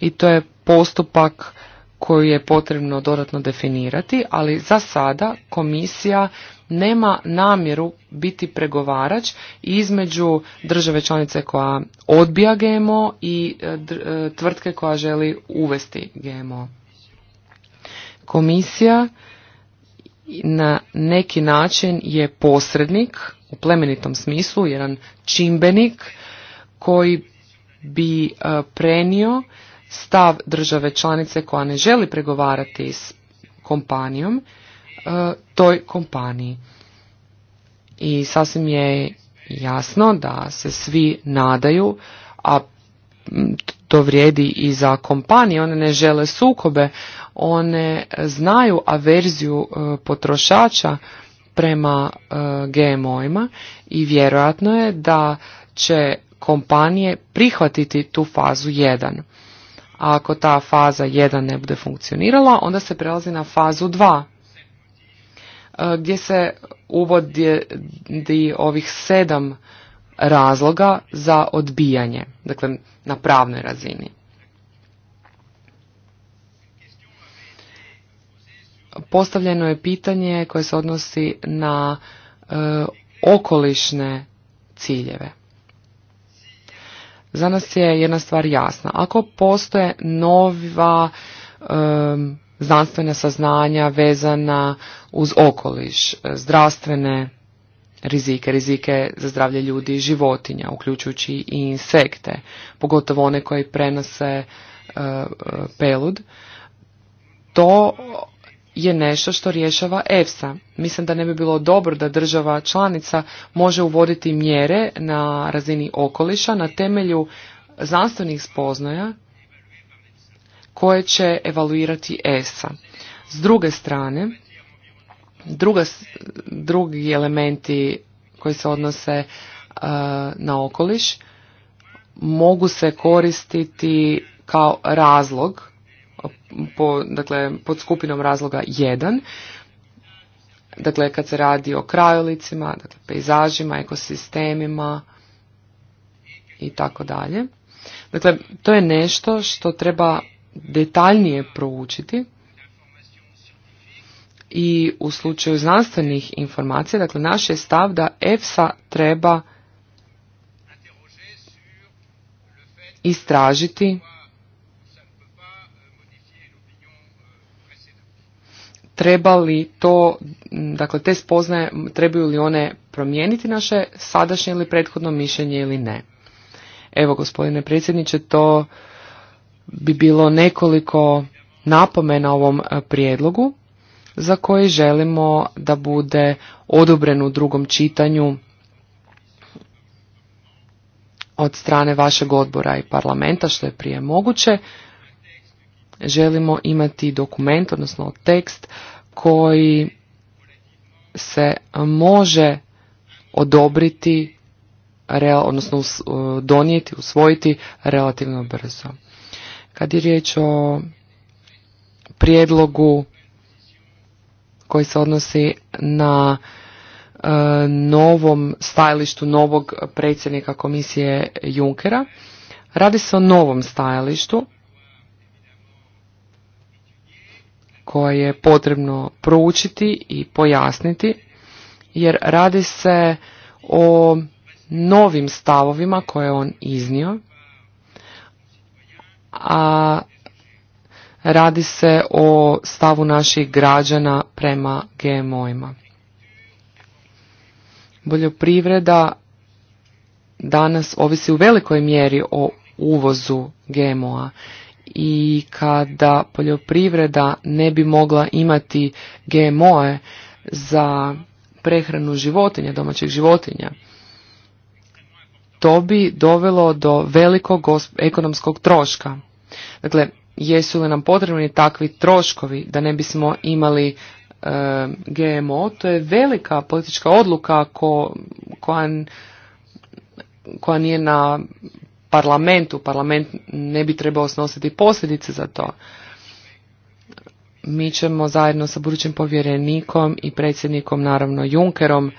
i to je postupak koji je potrebno dodatno definirati, ali za sada komisija nema namjeru biti pregovarač između države članice koja odbija GMO i e, e, tvrtke koja želi uvesti GMO. Komisija na neki način je posrednik u plemenitom smislu, jedan čimbenik koji bi e, prenio stav države članice koja ne želi pregovarati s kompanijom e, toj kompaniji. I sasvim je jasno da se svi nadaju, a to vrijedi i za kompanije, one ne žele sukobe, one znaju averziju e, potrošača prema e, GMO-ima i vjerojatno je da će kompanije prihvatiti tu fazu 1. A ako ta faza 1 ne bude funkcionirala, onda se prelazi na fazu 2 e, gdje se uvodi ovih sedam razloga za odbijanje, dakle na pravnoj razini. Postavljeno je pitanje koje se odnosi na e, okolišne ciljeve. Za nas je jedna stvar jasna. Ako postoje nova e, znanstvena saznanja vezana uz okoliš, e, zdravstvene rizike, rizike za zdravlje ljudi i životinja, uključujući i insekte, pogotovo one koji prenose e, pelud. To je nešto što rješava EFSA. Mislim da ne bi bilo dobro da država članica može uvoditi mjere na razini okoliša na temelju znanstvenih spoznaja koje će evaluirati ESA. S druge strane, Druga, drugi elementi koji se odnose e, na okoliš mogu se koristiti kao razlog, po, dakle, pod skupinom razloga 1, dakle, kad se radi o krajolicima, dakle, pejzažima, ekosistemima i tako dalje. Dakle, to je nešto što treba detaljnije proučiti i u slučaju znanstvenih informacija, dakle naš je stav da EFSA treba istražiti treba li to, dakle te spoznaje, trebaju li one promijeniti naše sadašnje ili prethodno mišljenje ili ne. Evo gospodine predsjedniče, to bi bilo nekoliko napomena ovom prijedlogu za koji želimo da bude odobren u drugom čitanju od strane vašeg odbora i parlamenta, što je prije moguće. Želimo imati dokument, odnosno tekst, koji se može odobriti, odnosno donijeti, usvojiti relativno brzo. Kad je riječ o prijedlogu koji se odnosi na e, novom stajalištu novog predsjednika komisije Junkera. Radi se o novom stajalištu koje je potrebno proučiti i pojasniti jer radi se o novim stavovima koje je on iznio, a Radi se o stavu naših građana prema GMO-ima. Boljoprivreda danas ovisi u velikoj mjeri o uvozu GMO-a i kada poljoprivreda ne bi mogla imati GMO-e za prehranu životinja, domaćih životinja, to bi dovelo do velikog ekonomskog troška. Dakle, jesu li nam potrebni takvi troškovi da ne bismo imali e, GMO, to je velika politička odluka ko, koja, koja nije na parlamentu. Parlament ne bi trebao snositi posljedice za to. Mi ćemo zajedno sa budućim povjerenikom i predsjednikom, naravno Junkerom,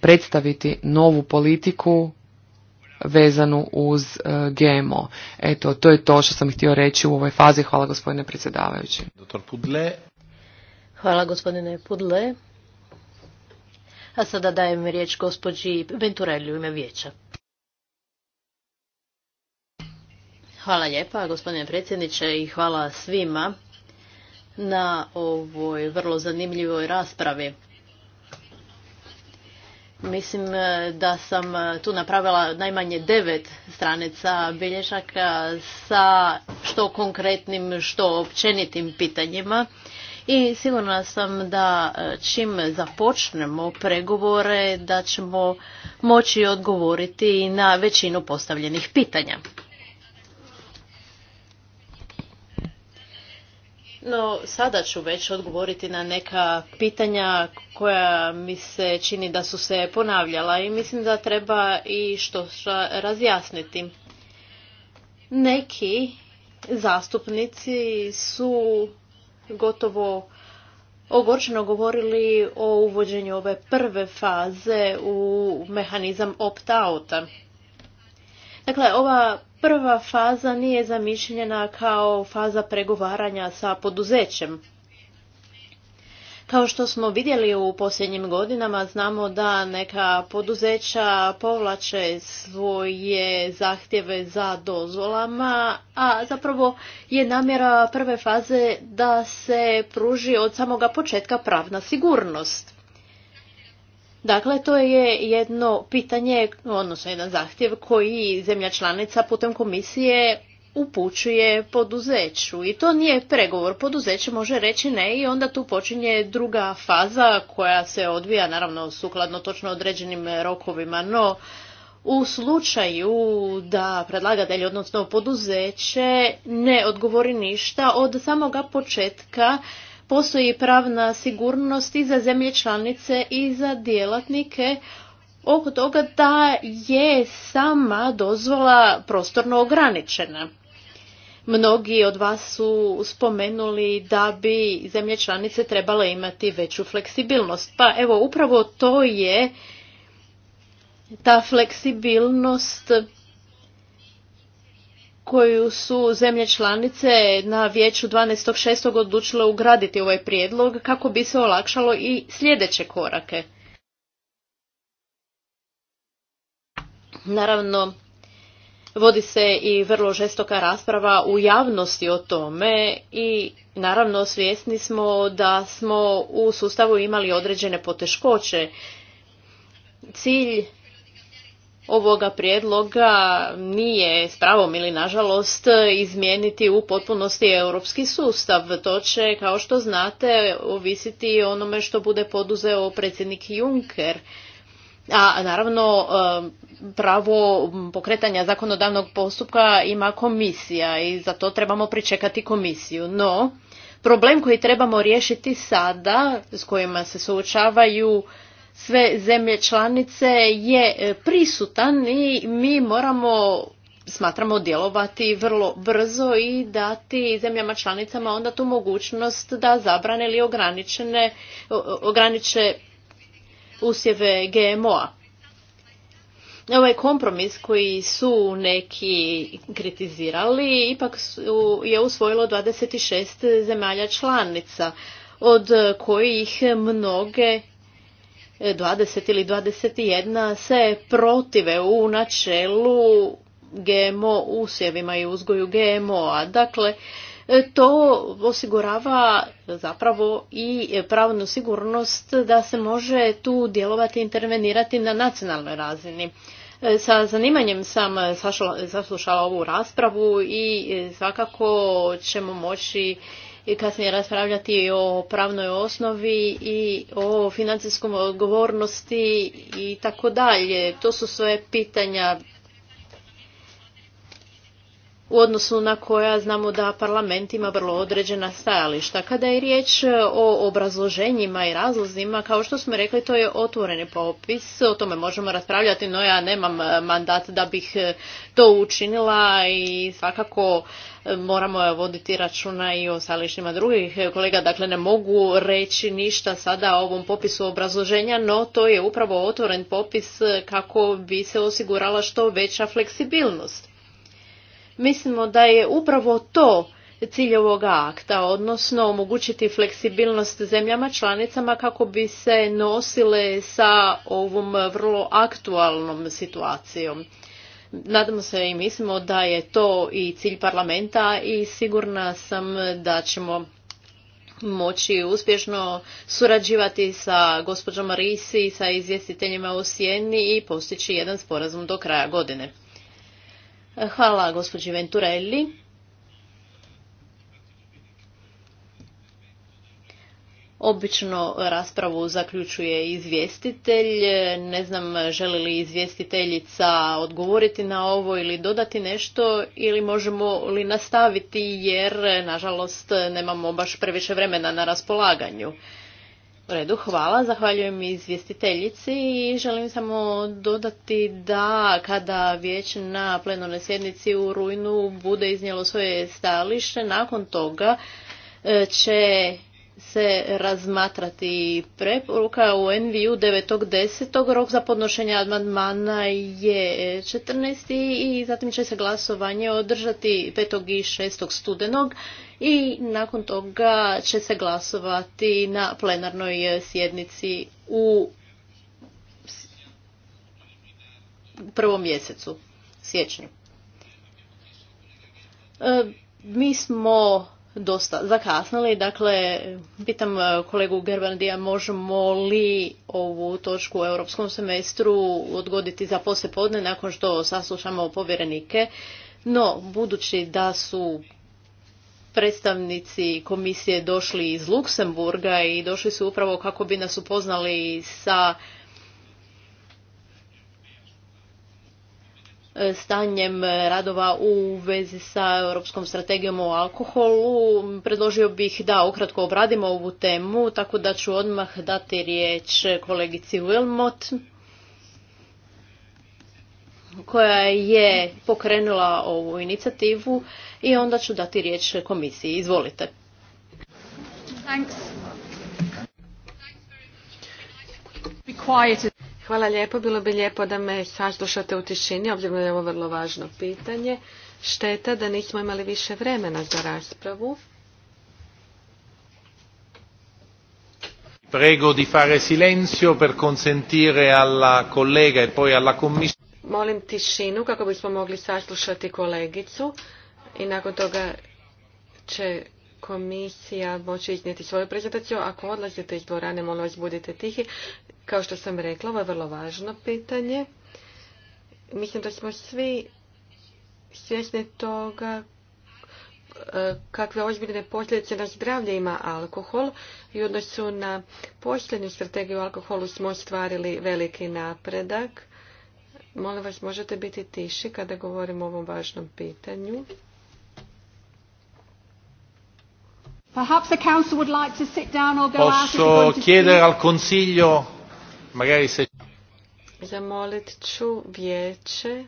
predstaviti novu politiku vezanu uz e, GMO. Eto, to je to što sam htio reći u ovoj fazi. Hvala gospodine predsjedavajući. Doktor Pudle. Hvala gospodine Pudle. A sada dajem riječ gospođi Venturelli u ime vijeća. Hvala lijepa gospodine predsjedniče i hvala svima na ovoj vrlo zanimljivoj raspravi. Mislim e, da sam e, tu napravila najmanje devet stranica bilješaka sa što konkretnim, što općenitim pitanjima. I sigurna sam da e, čim započnemo pregovore da ćemo moći odgovoriti na većinu postavljenih pitanja. No, sada ću već odgovoriti na neka pitanja koja mi se čini da su se ponavljala i mislim da treba i što razjasniti. Neki zastupnici su gotovo ogorčeno govorili o uvođenju ove prve faze u mehanizam opt-outa. Dakle, ova prva faza nije zamišljena kao faza pregovaranja sa poduzećem. Kao što smo vidjeli u posljednjim godinama, znamo da neka poduzeća povlače svoje zahtjeve za dozvolama, a zapravo je namjera prve faze da se pruži od samoga početka pravna sigurnost. Dakle, to je jedno pitanje, odnosno jedan zahtjev koji zemlja članica putem komisije upućuje poduzeću. I to nije pregovor, poduzeće može reći ne i onda tu počinje druga faza koja se odvija naravno sukladno točno određenim rokovima, no u slučaju da predlagatelj, odnosno poduzeće, ne odgovori ništa od samoga početka postoji pravna sigurnost i za zemlje članice i za djelatnike oko toga da je sama dozvola prostorno ograničena. Mnogi od vas su spomenuli da bi zemlje članice trebale imati veću fleksibilnost. Pa evo, upravo to je ta fleksibilnost koju su zemlje članice na vijeću 12.6. odlučile ugraditi ovaj prijedlog kako bi se olakšalo i sljedeće korake. Naravno, vodi se i vrlo žestoka rasprava u javnosti o tome i naravno svjesni smo da smo u sustavu imali određene poteškoće. Cilj ovoga prijedloga nije s pravom ili nažalost izmijeniti u potpunosti europski sustav. To će, kao što znate, ovisiti onome što bude poduzeo predsjednik Juncker. A naravno pravo pokretanja zakonodavnog postupka ima komisija i za to trebamo pričekati komisiju. No, problem koji trebamo riješiti sada, s kojima se suočavaju sve zemlje članice je e, prisutan i mi moramo smatramo djelovati vrlo brzo i dati zemljama članicama onda tu mogućnost da zabrane ili ograniče usjeve GMO-a. Ovaj kompromis koji su neki kritizirali ipak je usvojilo 26 zemalja članica od kojih mnoge 20 ili 21 se protive u načelu GMO usjevima i uzgoju GMO-a. Dakle, e, to osigurava zapravo i pravnu sigurnost da se može tu djelovati i intervenirati na nacionalnoj razini. E, sa zanimanjem sam saslušala ovu raspravu i e, svakako ćemo moći i kasnije raspravljati o pravnoj osnovi i o financijskom odgovornosti i tako dalje. To su sve pitanja u odnosu na koja znamo da parlament ima vrlo određena stajališta. Kada je riječ e, o obrazloženjima i razlozima, kao što smo rekli, to je otvoreni popis, o tome možemo raspravljati, no ja nemam e, mandat da bih e, to učinila i svakako moramo voditi računa i o stajalištima drugih kolega, dakle ne mogu reći ništa sada o ovom popisu obrazloženja, no to je upravo otvoren popis kako bi se osigurala što veća fleksibilnost. Mislimo da je upravo to cilj ovoga akta, odnosno omogućiti fleksibilnost zemljama članicama kako bi se nosile sa ovom vrlo aktualnom situacijom. Nadamo se i mislimo da je to i cilj parlamenta i sigurna sam da ćemo moći uspješno surađivati sa gospođom Risi, sa izvjestiteljima u Sjeni i postići jedan sporazum do kraja godine. Hvala gospođi Venturelli. Obično raspravu zaključuje izvjestitelj. Ne znam želi li izvjestiteljica odgovoriti na ovo ili dodati nešto ili možemo li nastaviti jer nažalost nemamo baš previše vremena na raspolaganju. U redu, hvala. Zahvaljujem izvjestiteljici i želim samo dodati da kada vijeć na plenarnoj sjednici u rujnu bude iznijelo svoje stajalište, nakon toga e, će se razmatrati preporuka u NVU 9.10. Rok za podnošenje amandmana je 14. i zatim će se glasovanje održati 5. i 6. studenog i nakon toga će se glasovati na plenarnoj sjednici u prvom mjesecu, siječnju. E, mi smo dosta zakasnili. Dakle, pitam e, kolegu Gerbandija možemo li ovu točku u europskom semestru odgoditi za poslijepodne nakon što saslušamo povjerenike. No, budući da su predstavnici komisije došli iz Luksemburga i došli su upravo kako bi nas upoznali sa stanjem radova u vezi sa Europskom strategijom o alkoholu. Predložio bih da ukratko obradimo ovu temu, tako da ću odmah dati riječ kolegici Wilmot koja je pokrenula ovu inicijativu i onda ću dati riječ komisiji. Izvolite. Hvala lijepo. Bilo bi lijepo da me saslušate u tišini, obzirom da je ovo vrlo važno pitanje. Šteta da nismo imali više vremena za raspravu. Prego di fare silenzio per consentire alla collega e poi alla commissione. Molim tišinu kako bismo mogli saslušati kolegicu i nakon toga će komisija moći iznijeti svoju prezentaciju. Ako odlazite iz dvorane, molim vas budite tihi. Kao što sam rekla, ovo je vrlo važno pitanje. Mislim da smo svi svjesni toga e, kakve ozbiljne posljedice na zdravlje ima alkohol i u odnosu na posljednju strategiju alkoholu smo ostvarili veliki napredak. Molim vas, možete biti tiši kada govorimo o ovom važnom pitanju. Posso chiedere al Consiglio magari se... Zamolit ću vijeće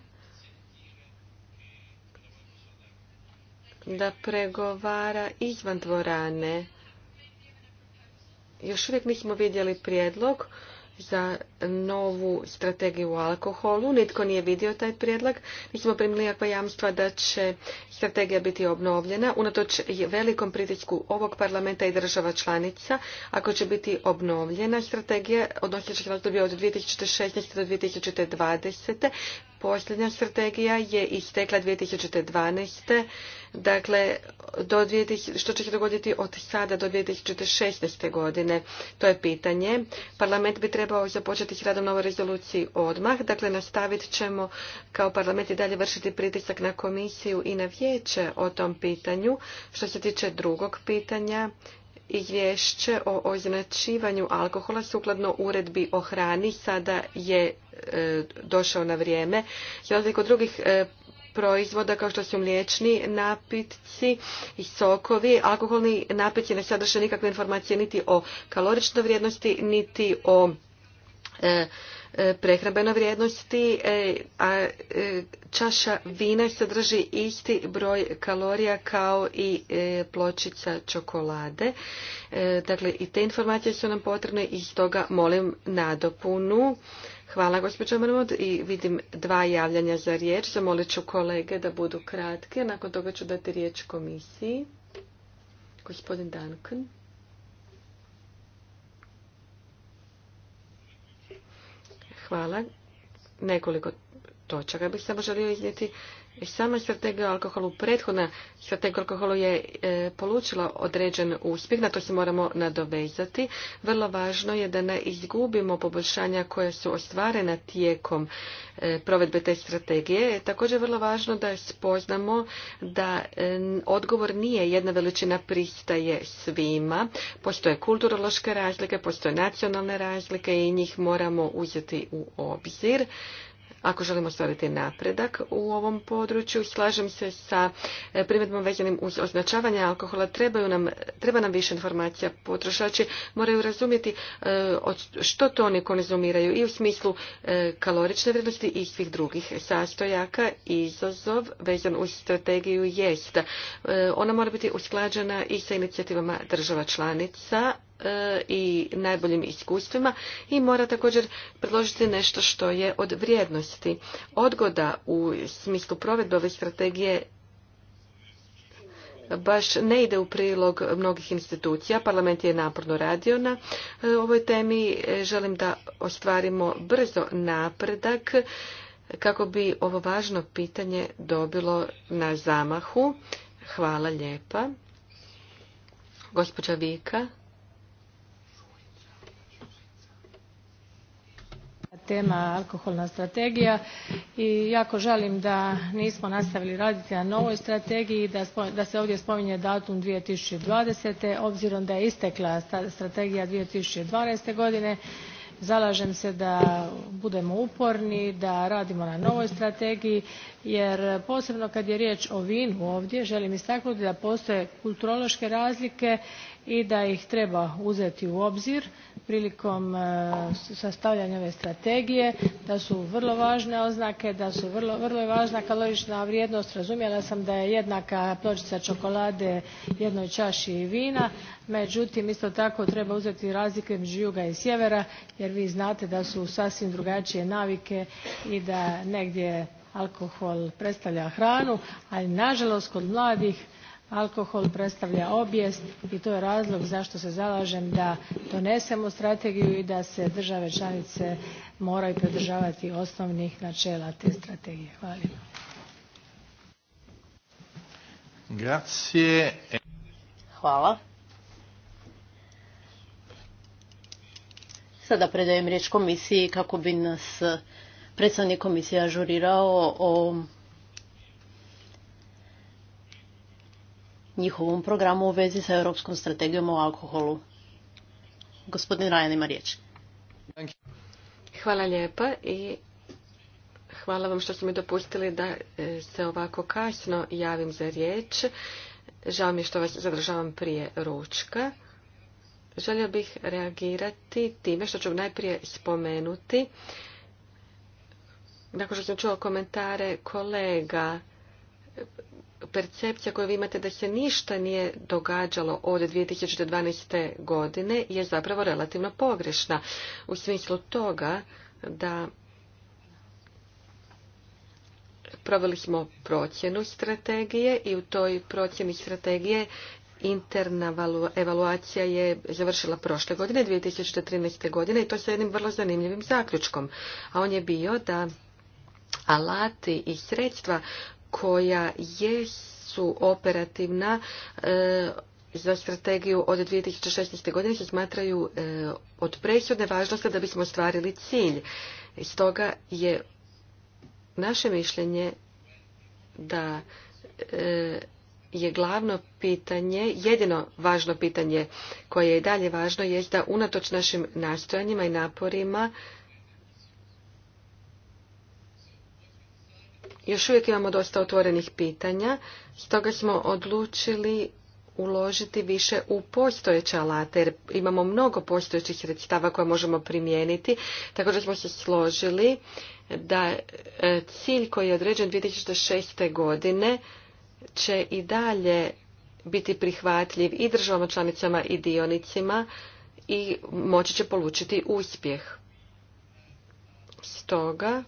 da pregovara izvan dvorane. Još uvijek nismo vidjeli prijedlog za novu strategiju o alkoholu. Nitko nije vidio taj prijedlog. Mi smo primili jakva jamstva da će strategija biti obnovljena. Unatoč velikom pritisku ovog parlamenta i država članica, ako će biti obnovljena strategija, odnosno će se razdoblje od 2016. do 2020. Posljednja strategija je istekla 2012 Dakle, do 2000, što će se dogoditi od sada do 2016. godine? To je pitanje. Parlament bi trebao započeti s radom novoj rezoluciji odmah. Dakle, nastavit ćemo kao parlament i dalje vršiti pritisak na komisiju i na vijeće o tom pitanju. Što se tiče drugog pitanja, izvješće o označivanju alkohola sukladno uredbi o hrani sada je e, došao na vrijeme. Za liko drugih e, proizvoda kao što su mliječni napitci i sokovi. Alkoholni napitci ne sadrže nikakve informacije niti o kaloričnoj vrijednosti, niti o e, e, prehrabeno vrijednosti, e, a čaša vina sadrži isti broj kalorija kao i pločica čokolade. Dakle, i te informacije su nam potrebne i stoga molim nadopunu. Hvala gospođo Mrmod i vidim dva javljanja za riječ. Zamolit ću kolege da budu kratke. Nakon toga ću dati riječ komisiji. Gospodin Duncan. Hvala. Nekoliko točaka bih samo želio iznijeti. I sama strategija alkoholu, prethodna strategija alkoholu je e, polučila određen uspjeh, na to se moramo nadovezati. Vrlo važno je da ne izgubimo poboljšanja koja su ostvarena tijekom e, provedbe te strategije. Je također vrlo važno da spoznamo da e, odgovor nije jedna veličina pristaje svima. Postoje kulturološke razlike, postoje nacionalne razlike i njih moramo uzeti u obzir ako želimo stvariti napredak u ovom području. Slažem se sa e, primjedbom vezanim uz označavanje alkohola. treba nam više informacija. Potrošači moraju razumjeti e, što to oni konzumiraju i u smislu e, kalorične vrijednosti i svih drugih sastojaka. Izazov vezan uz strategiju jest. Ona mora biti usklađena i sa inicijativama država članica E, i najboljim iskustvima i mora također predložiti nešto što je od vrijednosti. Odgoda u smislu provedbe ove strategije baš ne ide u prilog mnogih institucija. Parlament je naporno radio na e, ovoj temi. E, želim da ostvarimo brzo napredak kako bi ovo važno pitanje dobilo na zamahu. Hvala lijepa. Gospođa Vika. tema alkoholna strategija i jako želim da nismo nastavili raditi na novoj strategiji da se ovdje spominje datum. two thousand and twenty obzirom da je istekla strategija. two thousand and godine zalažem se da budemo uporni da radimo na novoj strategiji jer posebno kad je riječ o vinu ovdje želim istaknuti da postoje kulturološke razlike i da ih treba uzeti u obzir prilikom e, sastavljanja ove strategije da su vrlo važne oznake da su vrlo važna kalorična vrijednost. razumjela sam da je jednaka pločica čokolade jednoj čaši vina međutim isto tako treba uzeti razlike između juga i sjevera jer vi znate da su sasvim drugačije navike i da negdje alkohol predstavlja hranu ali nažalost kod mladih alkohol predstavlja obijest i to je razlog zašto se zalažem da donesemo strategiju i da se države članice moraju pridržavati osnovnih načela te strategije. Hvala. Hvala. Sada predajem riječ komisiji kako bi nas predstavnik komisije ažurirao o njihovom programu u vezi sa Europskom strategijom o alkoholu. Gospodin Rajan ima riječ. Hvala lijepa i hvala vam što ste mi dopustili da e, se ovako kasno javim za riječ. Žao mi je što vas zadržavam prije ručka. Želio bih reagirati time što ću najprije spomenuti. Nakon što sam čuo komentare kolega, percepcija koju vi imate da se ništa nije događalo od 2012. godine je zapravo relativno pogrešna. U smislu toga da proveli smo procjenu strategije i u toj procjeni strategije interna evaluacija je završila prošle godine, 2013. godine i to sa jednim vrlo zanimljivim zaključkom. A on je bio da alati i sredstva koja su operativna e, za strategiju od 2016. godine se smatraju e, od presudne važnosti da bismo ostvarili cilj. Stoga je naše mišljenje da e, je glavno pitanje, jedino važno pitanje koje je i dalje važno je da unatoč našim nastojanjima i naporima još uvijek imamo dosta otvorenih pitanja, stoga smo odlučili uložiti više u postojeće alate, jer imamo mnogo postojećih sredstava koje možemo primijeniti, tako da smo se složili da e, cilj koji je određen 2006. godine će i dalje biti prihvatljiv i državama članicama i dionicima i moći će polučiti uspjeh. Stoga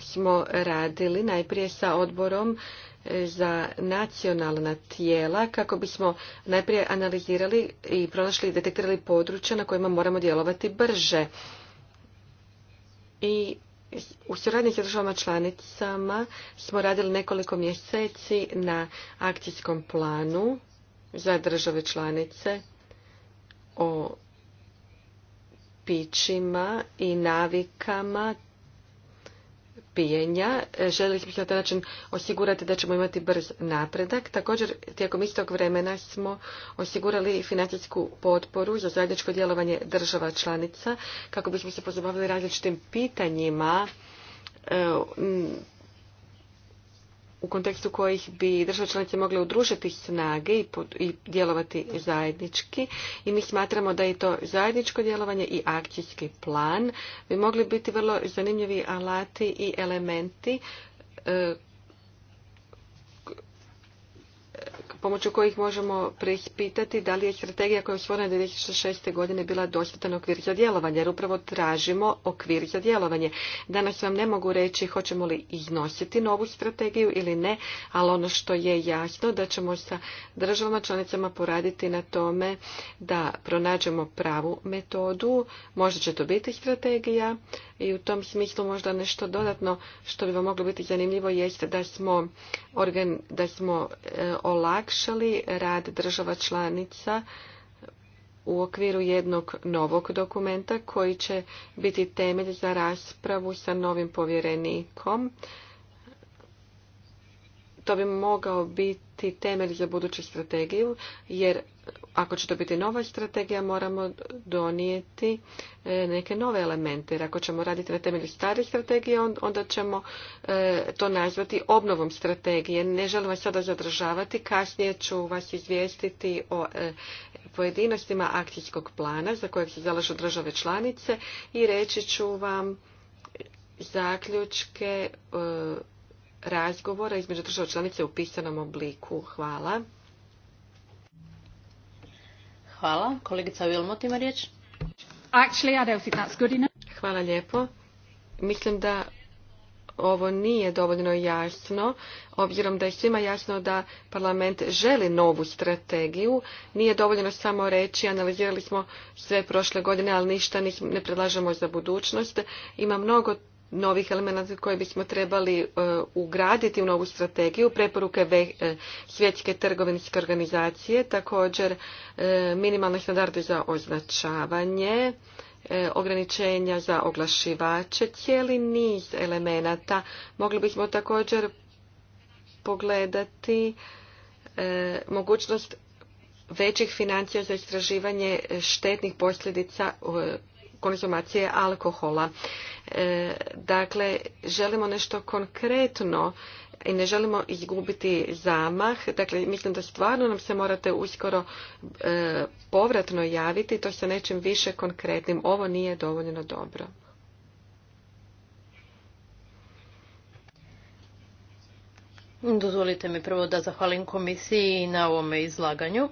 smo radili najprije sa odborom e, za nacionalna tijela kako bismo najprije analizirali i pronašli i detektirali područja na kojima moramo djelovati brže. I u suradnji sa državama članicama smo radili nekoliko mjeseci na akcijskom planu za države članice o pićima i navikama pijenja. E, Željeli smo se na taj način osigurati da ćemo imati brz napredak. Također, tijekom istog vremena smo osigurali financijsku potporu za zajedničko djelovanje država članica kako bismo se pozabavili različitim pitanjima e, u kontekstu kojih bi države članice mogle udružiti snage i, djelovati zajednički i mi smatramo da je to zajedničko djelovanje i akcijski plan bi mogli biti vrlo zanimljivi alati i elementi e, pomoću kojih možemo preispitati da li je strategija koja je usvojena 2006. godine bila dostatan okvir za djelovanje, jer upravo tražimo okvir za djelovanje. Danas vam ne mogu reći hoćemo li iznositi novu strategiju ili ne, ali ono što je jasno da ćemo sa državama članicama poraditi na tome da pronađemo pravu metodu, možda će to biti strategija, i u tom smislu možda nešto dodatno što bi vam moglo biti zanimljivo jeste da smo, organ, da smo e, olakšali rad država članica u okviru jednog novog dokumenta koji će biti temelj za raspravu sa novim povjerenikom. To bi mogao biti temelj za buduću strategiju jer ako će to biti nova strategija, moramo donijeti e, neke nove elemente. ako ćemo raditi na temelju stare strategije, onda ćemo e, to nazvati obnovom strategije. Ne želim vas sada zadržavati, kasnije ću vas izvijestiti o e, pojedinostima akcijskog plana za kojeg se zalažu države članice i reći ću vam zaključke razgovora između države članice u pisanom obliku. Hvala. Hvala. Hvala lijepo. Mislim da ovo nije dovoljno jasno, obzirom da je svima jasno da parlament želi novu strategiju. Nije dovoljno samo reći, analizirali smo sve prošle godine, ali ništa ne predlažemo za budućnost. Ima mnogo novih elemenata koje bismo trebali e, ugraditi u novu strategiju, preporuke e, svjetske trgovinske organizacije, također e, minimalne standarde za označavanje, ograničenja za oglašivače, cijeli niz elemenata. Mogli bismo također pogledati mogućnost većih financija za istraživanje štetnih posljedica konzumacije alkohola. E, dakle, želimo nešto konkretno i ne želimo izgubiti zamah. Dakle, mislim da stvarno nam se morate uskoro e, povratno javiti, to sa nečim više konkretnim. Ovo nije dovoljno dobro. Dozvolite mi prvo da zahvalim komisiji na ovome izlaganju.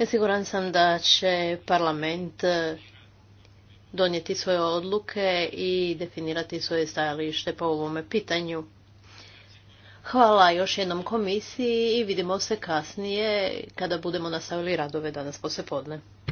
Siguran sam da će parlament e, donijeti svoje odluke i definirati svoje stajalište po ovome pitanju. Hvala još jednom komisiji i vidimo se kasnije kada budemo nastavili radove danas poslijepodne.